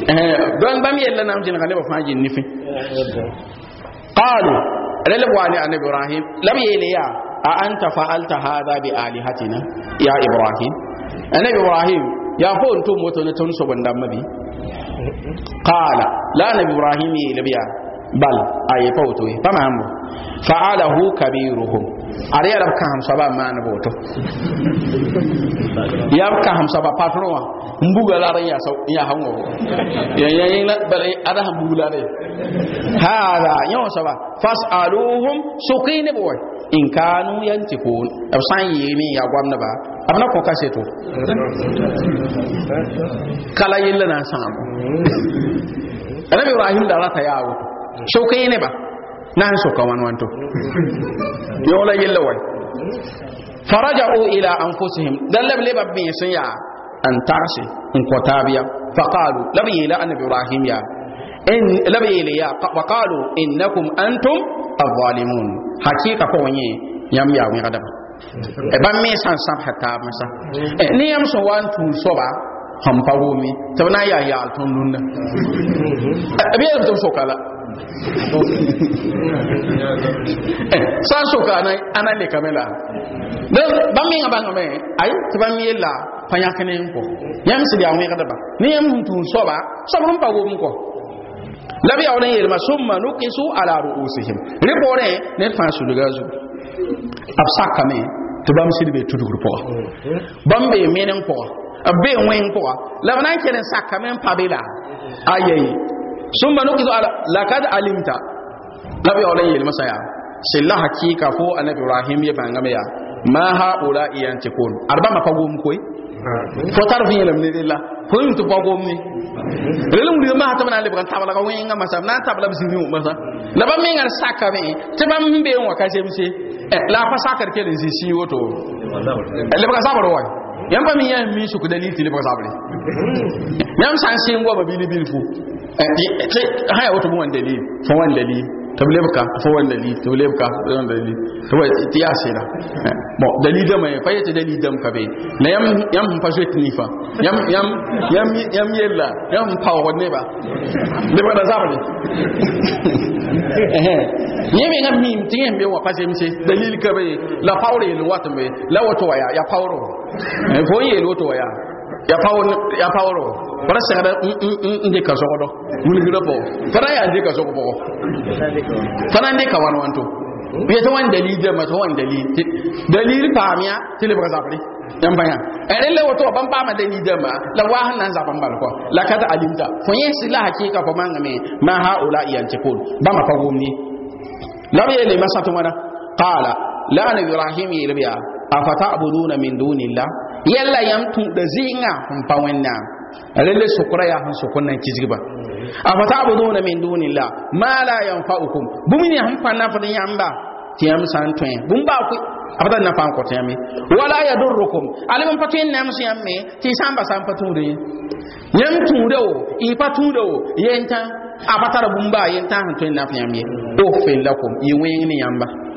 eh don bam yalla nam jin ne ba fa nufin? Eh, ni fin qalu relebu ani anabi ibrahim lam yele ya a anta fa'alta hadha bi alihatina ya ibrahim anabi ibrahim ya fo on to moto ne ton so bandam mabi qala la nabi ibrahim ye labiya bal aye pawto ye pamambo fa'alahu kabiruhum ari yara ka ham saba man boto ya rabka hamsa ba patrowa mbuga la ya sa ya hango ya ya yin la bal ada hambu la ne hada yawa saba fas'aluhum suqini boy in kanu yantikun absan yimi ya gwamna ba b na kõ se to kala yella na n sãam rab ibrahim da rata yaa woto sowka yẽ neba na sẽn soka wãn wãn to yõo la yella wa faraja'u ila anfusihim dan lab leba bẽ sẽn yaa n tagse n kõ taab ya faqalu la b yeela a nabi ibrahim yaa la b yeele yaa waqalu innakum antum الظالمون حقيقة فوني يم يا وين غدبا ba me san san hata masa ne yam so wan tu so ba ham pa wo mi ta na ya ya ton lunna abi yam to so kala san so kana ana le kamela dan ba me ngaba ngame ai ta ba mi la pa yakene ko yam si ya me kada ba ne yam tu so ba so ba pa wo mi ko labi awon yelma summa nuqisu ala ru'usihim ribore ne fa su daga zuwa b sakame tɩ bãmb sɩd bee tudgr pʋga bãmb bee men n pʋga b be wen pʋga la b na n kell n sakame n pa be la ayaye sũmba nokɩ lakad alimta la b yaool yel masaya masã hakika fo annabi ibrahim ya bãngame yaa ma ha ula haola yantikun arba ma pa mu koy fo tar fẽ yeelame ne rella fo yĩm to pa mu ne rel n wilga maasa tɩ b na n lebg n tablga wẽnga masã b na tabala bisini mu masa wã masã la bãmb menga d sakame tɩ bãmb n bee n wa ka zemse Eh, la fa sakar kelen si si woto eh, le ba sabar wa yan ba mi yan mi su kudali ti le ba sabar yan san sin go ba bili bili fu eh, eh ha ya woto mu wan dalil fa wan dalil tabbile baka fa wani dalili tabbile baka fa wani dalili to wai tiya sai da bo dalili da mai fa yace dalili dam ka be na yam yam fa je ni fa yam yam yam yam yella yam fa wani ba ne ba da zabi eh eh ni me ngam mi tinye me wa fa je mi sai dalili ka be la faure le wata me la wato waya ya fauro eh fo yelo to waya ya pawo ya pawro bara sẽgda n dɩka zogdo wilgrã pa fa na n yaa dɩka zog bʋgo fa na n dɩka wan wan to yetɩ wan dalil dɛma tɩ wan dalil dalil paam yã tɩ lebg zabre yãmb bãyã rẽ le woto ban paama dalil dɛma da waa sẽn na n lakata n bal kɔ la kat alimta fo yẽsɩ la hakɩɩka ko mangame ma haola yantikun bãmba pa wʋmd ye la b yeele masã tɩ wãna qaala la anabi ibrahim fata yaa afatabuduna min duni yɛlla yãmb tũuda zɩɩngã sẽn pa wẽnnaam rele sukura ya sẽn sokn nan kizgba afa tabuduna min dunillah ma la yanfa'ukum bumini ne sẽn pa nafd yãmba tɩ yãmb sã n tõe bũmb baa koe a na fãa ko yãmbe wala yadurrukum alem n pa tõe nams yãmbe tɩ y sã n basã n pa tũude ye yãmb tũuda wo y pa tũuda wo yentã a pa tara bũmb baa yentã sẽn tõe naf yãmb ofin lakum yɩ wẽng ne yãmba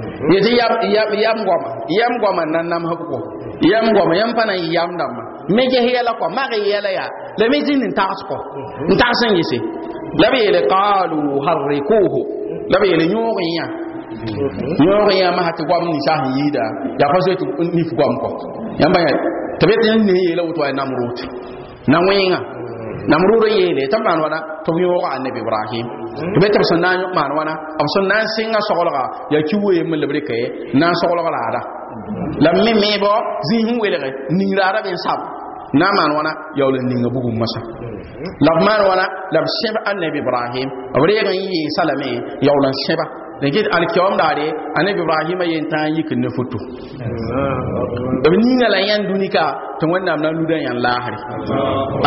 yeti yam goma yam goma nan nam hakko yam goma yam pana yam dama me je hela ko ma ga hela ya le me tin tas ko tas san yese la le qalu harrikuhu la le nyoriya nyoriya ma hati gom ni sahi yida ya fa se tu ni fu gom ko yam ba ya tabe tin ne hela wuto ay namrut na namruro yeele t'a maan wãna tɩ b yõog annabi ibrahim tɩ be tɩ b sẽn na n maan wãna b sẽn na n sɩnga soglga yaa ki weem n lebrɩka ye n na mi soglg raada la me meebɔ zĩis n welge ning raada sab na n maan wãna yaool n ninga bugum masã la b maan wãna la annabi ibrahim b reeg n yɩɩsa lame yaool n sẽba da gid alkiyam dare annabi ibrahim yin ta yi kin futu ibn nina la yan dunika to wannan nan ludan yan lahari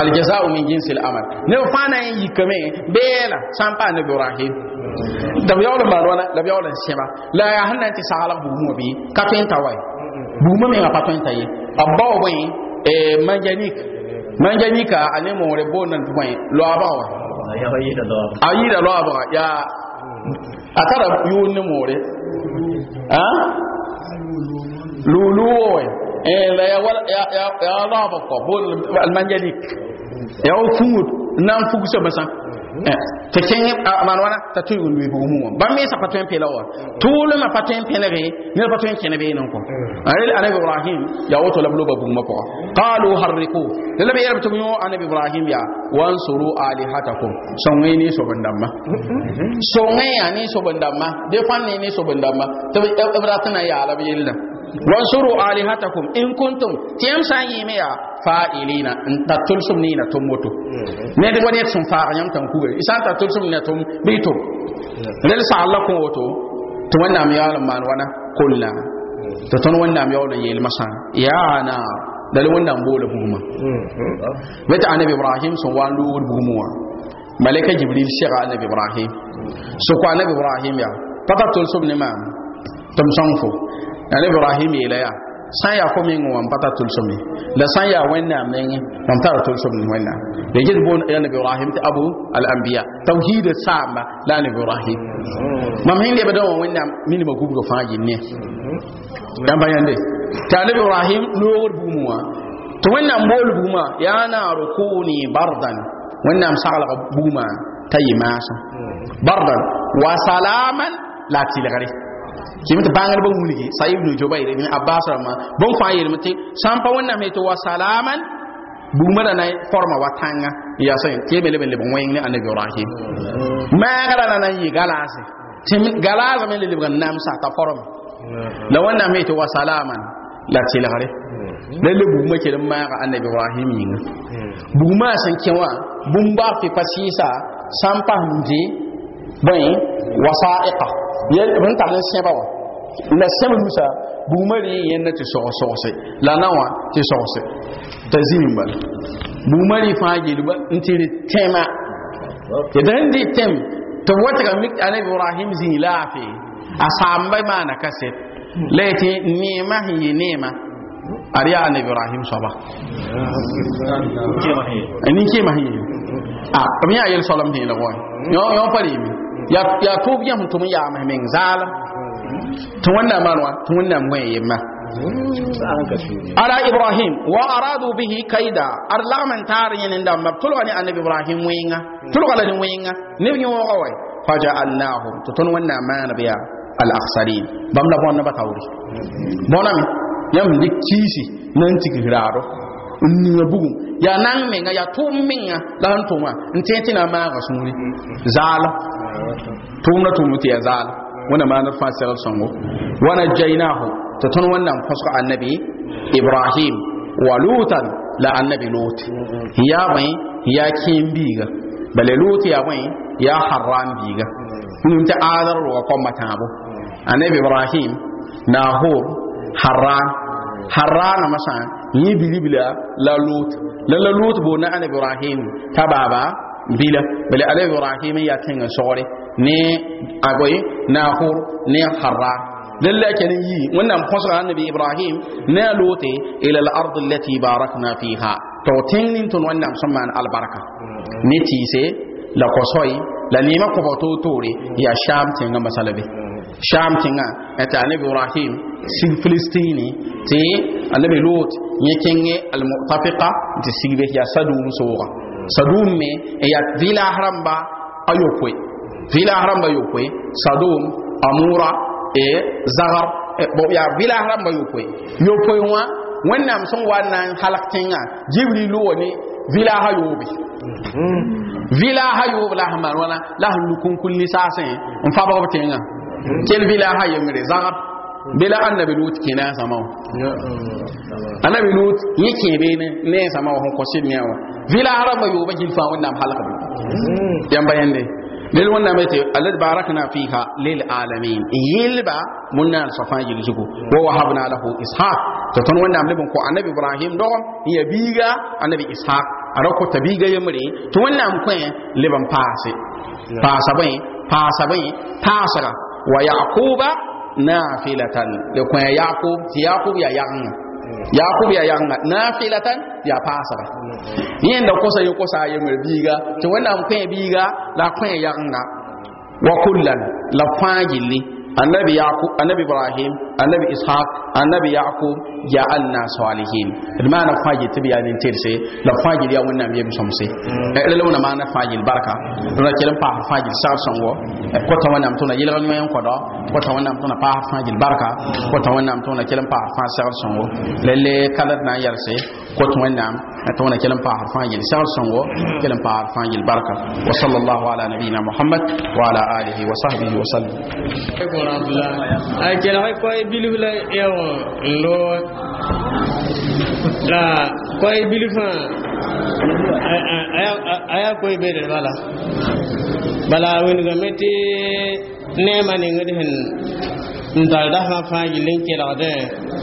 al jazaa'u min jinsil amal ne fa na yi kame bela sampa annabi ibrahim da yawla marwana da yawla shema la ya hanna ti sala bumu bi ka tin tawai bumu me ga patun tayi abba obo eh manjanik manjanika ane mo re bonan tuwai lo abawa da lo abawa ya akara yóò ní mú rẹ̀ lulúwọ̀ ẹ̀lẹ̀ ya rọ́bọ̀kọ̀ bó almanjalik ya ó fún náà fúgúsọ̀ mẹ́sàn tɩ kẽng maan wãna t'a tɩ yʋʋl wɩb bʋg mugã bãmb mensã pa tõe n pela wa tʋʋlmã pa tõe n pẽlge ned pa tõe n kẽne beene n kõ rel anabi ibrahim yaa woto la b loba bugmã pʋga qaalu harriko rela b yeelb tɩ b anabi ibrahim yaa wansuru alihatakum sõngẽ ne sob n dãmbã sõngẽ yaa ne sob n dãmbã dẽ fãn ne ne sob n dãmbã tɩ b rat n na yaala b yellã wansuru alihatakum in kuntum tɩ yãmb sã n yɩɩme yaa fa'ilina n ta tʋlsem niina tʋm woto ned wa ned sẽn faag yãmb tãn kuge y sã n ta tʋlsem niina tʋm bɩ y tʋm rel sagl la kõ woto tɩ wẽnnaam yaool man wana wãna kolla mm-hmm. tɩ wannan wẽnnaam yaool n yeelmã sã yaa naar dala wẽnnaam boola bugumã mm-hmm. be ibrahim sun wa n loogd bugum wã malaka jibril sɛga anabi ibrahim mm-hmm. Su kõ anabi ibrahim ya. pa ka ni ma. maam tɩm sõng fo anabi ibrahim yeela yaa sã n yaa kɔ meng wãn pa la sã n yaa wẽnnaam nengẽ mam tara tʋlsem ne wẽnnaam la yel ya nabi rahim ta abu al anbiya tawhiida saamba la nabi rahim mam sẽn lebda wã wẽnnaam min gubga fãa hmm. yɩn ne dan yãnde tɩ a nabi rahim loogr buum wã tɩ wẽnnaam bool buumã yaa naaru kʋʋni bardan wẽnnaam msala buumã t'a yɩ bardan wa salaman la tilgari kɩm tɩ bãngr ba wilgi sa ibnu jobair ibn abbas rãmbã bõn fãa yelm tɩ sã n pa wẽnnaam ye tɩ wa salaman bũumã rãna forma wa tãnga n yaa sẽn tɩ mele leb n leb wẽng ne anabi ibrahim maagrã rãna n yɩ galaase tɩ galaasã me le lebga n namsa t'a forme la wẽnnaam ye tɩ wa salaman la tɩlgre la le buguma kel n maaga anabi ibrahim yĩnga bugumã sẽn kẽ wã bũmb-baag tɩ pa sɩɩsa sã n pas n dẽ bõe wasaiqa yel bun tar le sẽba wã la sẽb rusa bũuma rẽ yẽnda tɩ sogs sogse la na wã ta sogse t'a bala bũuma rẽ fãa ba n tɩ d tẽma tɩ tɛm, ta tẽm tɩ wotga mik ibrahim zĩig laafɩ a saamba maana ka set la y tɩ neema sẽn yɩ neema ad yaa anabi ke soaba n nin kɩɩma sẽn yeel b yã yel solem la yelg wã yõ pa reeme ya tʋʋb yãmb tɩ m yaams meng tɩ wẽnnaam maan wã tɩ wẽnnaam wẽ yemma ara ibrahim wa aradu bihi kaida ar lagm n taar yẽ ne dãmba b tʋlga ne annabi ibrahim wẽnga tʋlga la ne wẽnga neb yõoga wɛ fa jaalnahum tɩ tõnd wẽnnaam maaneb yaa al aksarin bãmb la bõnna ba taoore bõname yãmb dɩk kiisi nan tik raado n ninga ya me menga ya tum menga la han tuma ntenti na ma ga sumuri zala tumna tumuti ya zala wana ma na fasal sango wana jainahu ta tun wannan fasu annabi ibrahim wa lutan la annabi lut ya bai ya kin biga bale lut ya bai ya haram biga Mun ta azar wa kuma tabo annabi ibrahim na nahur harran harran masan yi bilibila la lut la la bo na ana ibrahim ta baba bila bila anabi ibrahim ya tinga sore ne agoy nahur ne harra lalla kan yi wannan fasara annabi ibrahim na lote ila al-ard allati barakna fiha to tinin tun wannan al albarka ne se la kosoi la nima ko to tore ya sham tinga masalabe sham tinga ta annabi ibrahim sin filistini ti annabi lut nye kenge al mutafiqa ti sigbe ya sadum sowa sadum me ya vila haramba ayokwe vila haramba yokwe sadum amura e zagar e, ya vila haramba yokwe yokwe wa wannan sun wannan halaktinga jibrilu wani vila hayobe vila mm-hmm. hayobe la hamar wana la hulukun kulli sasin in ba ba tinga kel bila ha yemre zagab bila annabi lut kina sama annabi lut ni kebe ne ne sama wa ko sin yawa bila araba yo bajin fa wannan halaka yan bayan ne lil wannan mai te alad barakna fiha lil alamin yilba munna safa yiljugo wa wahabna lahu ishaq to ton wannan amlibin ko annabi ibrahim do ya biga annabi ishaq arako tabiga yamre to wannan kun liban fasi fasa bai fasa bai fasara wa yaquba nafilatan le ko yaqub ti yaqub ya yanga yaqub ya yanga ya pasara yin da kosa yo kosa ya mer biga to wannan ko biga la ko yanga wa kullan annabi yaqub annabi ibrahim annabi ishaq annabi yaqub ja'alna salihin bimana faji tibiya din tirse la faji ya wannan yemi somse e le wona mana faji barka ra kelen pa faji sar songo ko ta wannan tuna yelga ni yan kodo ko ta wannan tuna pa faji barka ko ta wannan tuna kelen pa fa sar songo lele kalat na yarse ko ta wannan تون كلام بار فانجل شار سونغو كلام بار فانجل بركه وصلى الله على نبينا محمد وعلى اله وصحبه وسلم اي كلام هاي كوي بيلو لا ايو لو لا كوي بيلو فان ايا ايا كوي بيدر بالا بالا وين غمتي نيما نيغدهن n dalda sã fãa yɩl n kelgdẽ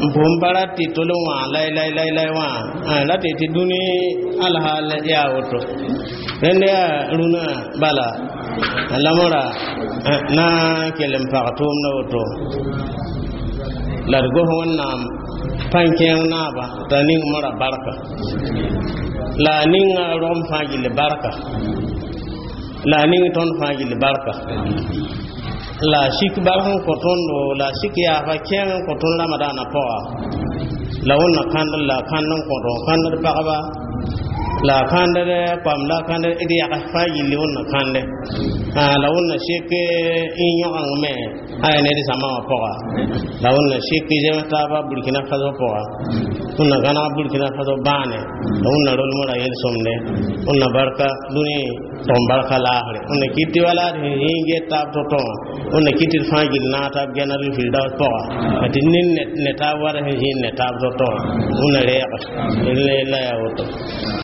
n pʋʋm wa rat tɩ tol n wã lai lai lai lai wã ah, la tɩ tɩ dũni alhaal yaa woto rẽnd yaa rũnã bala lamora ah, na kell n tum na woto Largo d na wẽnnaam na ba naaba t'a ning mora barka la a ninga rog n fãa barka la a ning tõnd fãa barka la sik barun koton do la sik ya fa ken koton la madana pawa la wonna kan la kan non koton kan la kãnd d pam la kãnd d yi fãa yilli kande kãnde la wẽnna sek n yõgeng me a ya ned zãma wã pʋga la wẽnna sek zem taaba burkina faso pʋga wẽnna gãneg burkina faso bane la wẽnna rolm ra yel-sõmde wẽnna barka dũni tʋm barka laasre wẽnna kɩt wala d yĩnge taab to-tõ wã wẽnna kɩt tɩ d fãa gill naag taab gɛna rifildaas ne taab ne taab to-tõ wã wẽnna la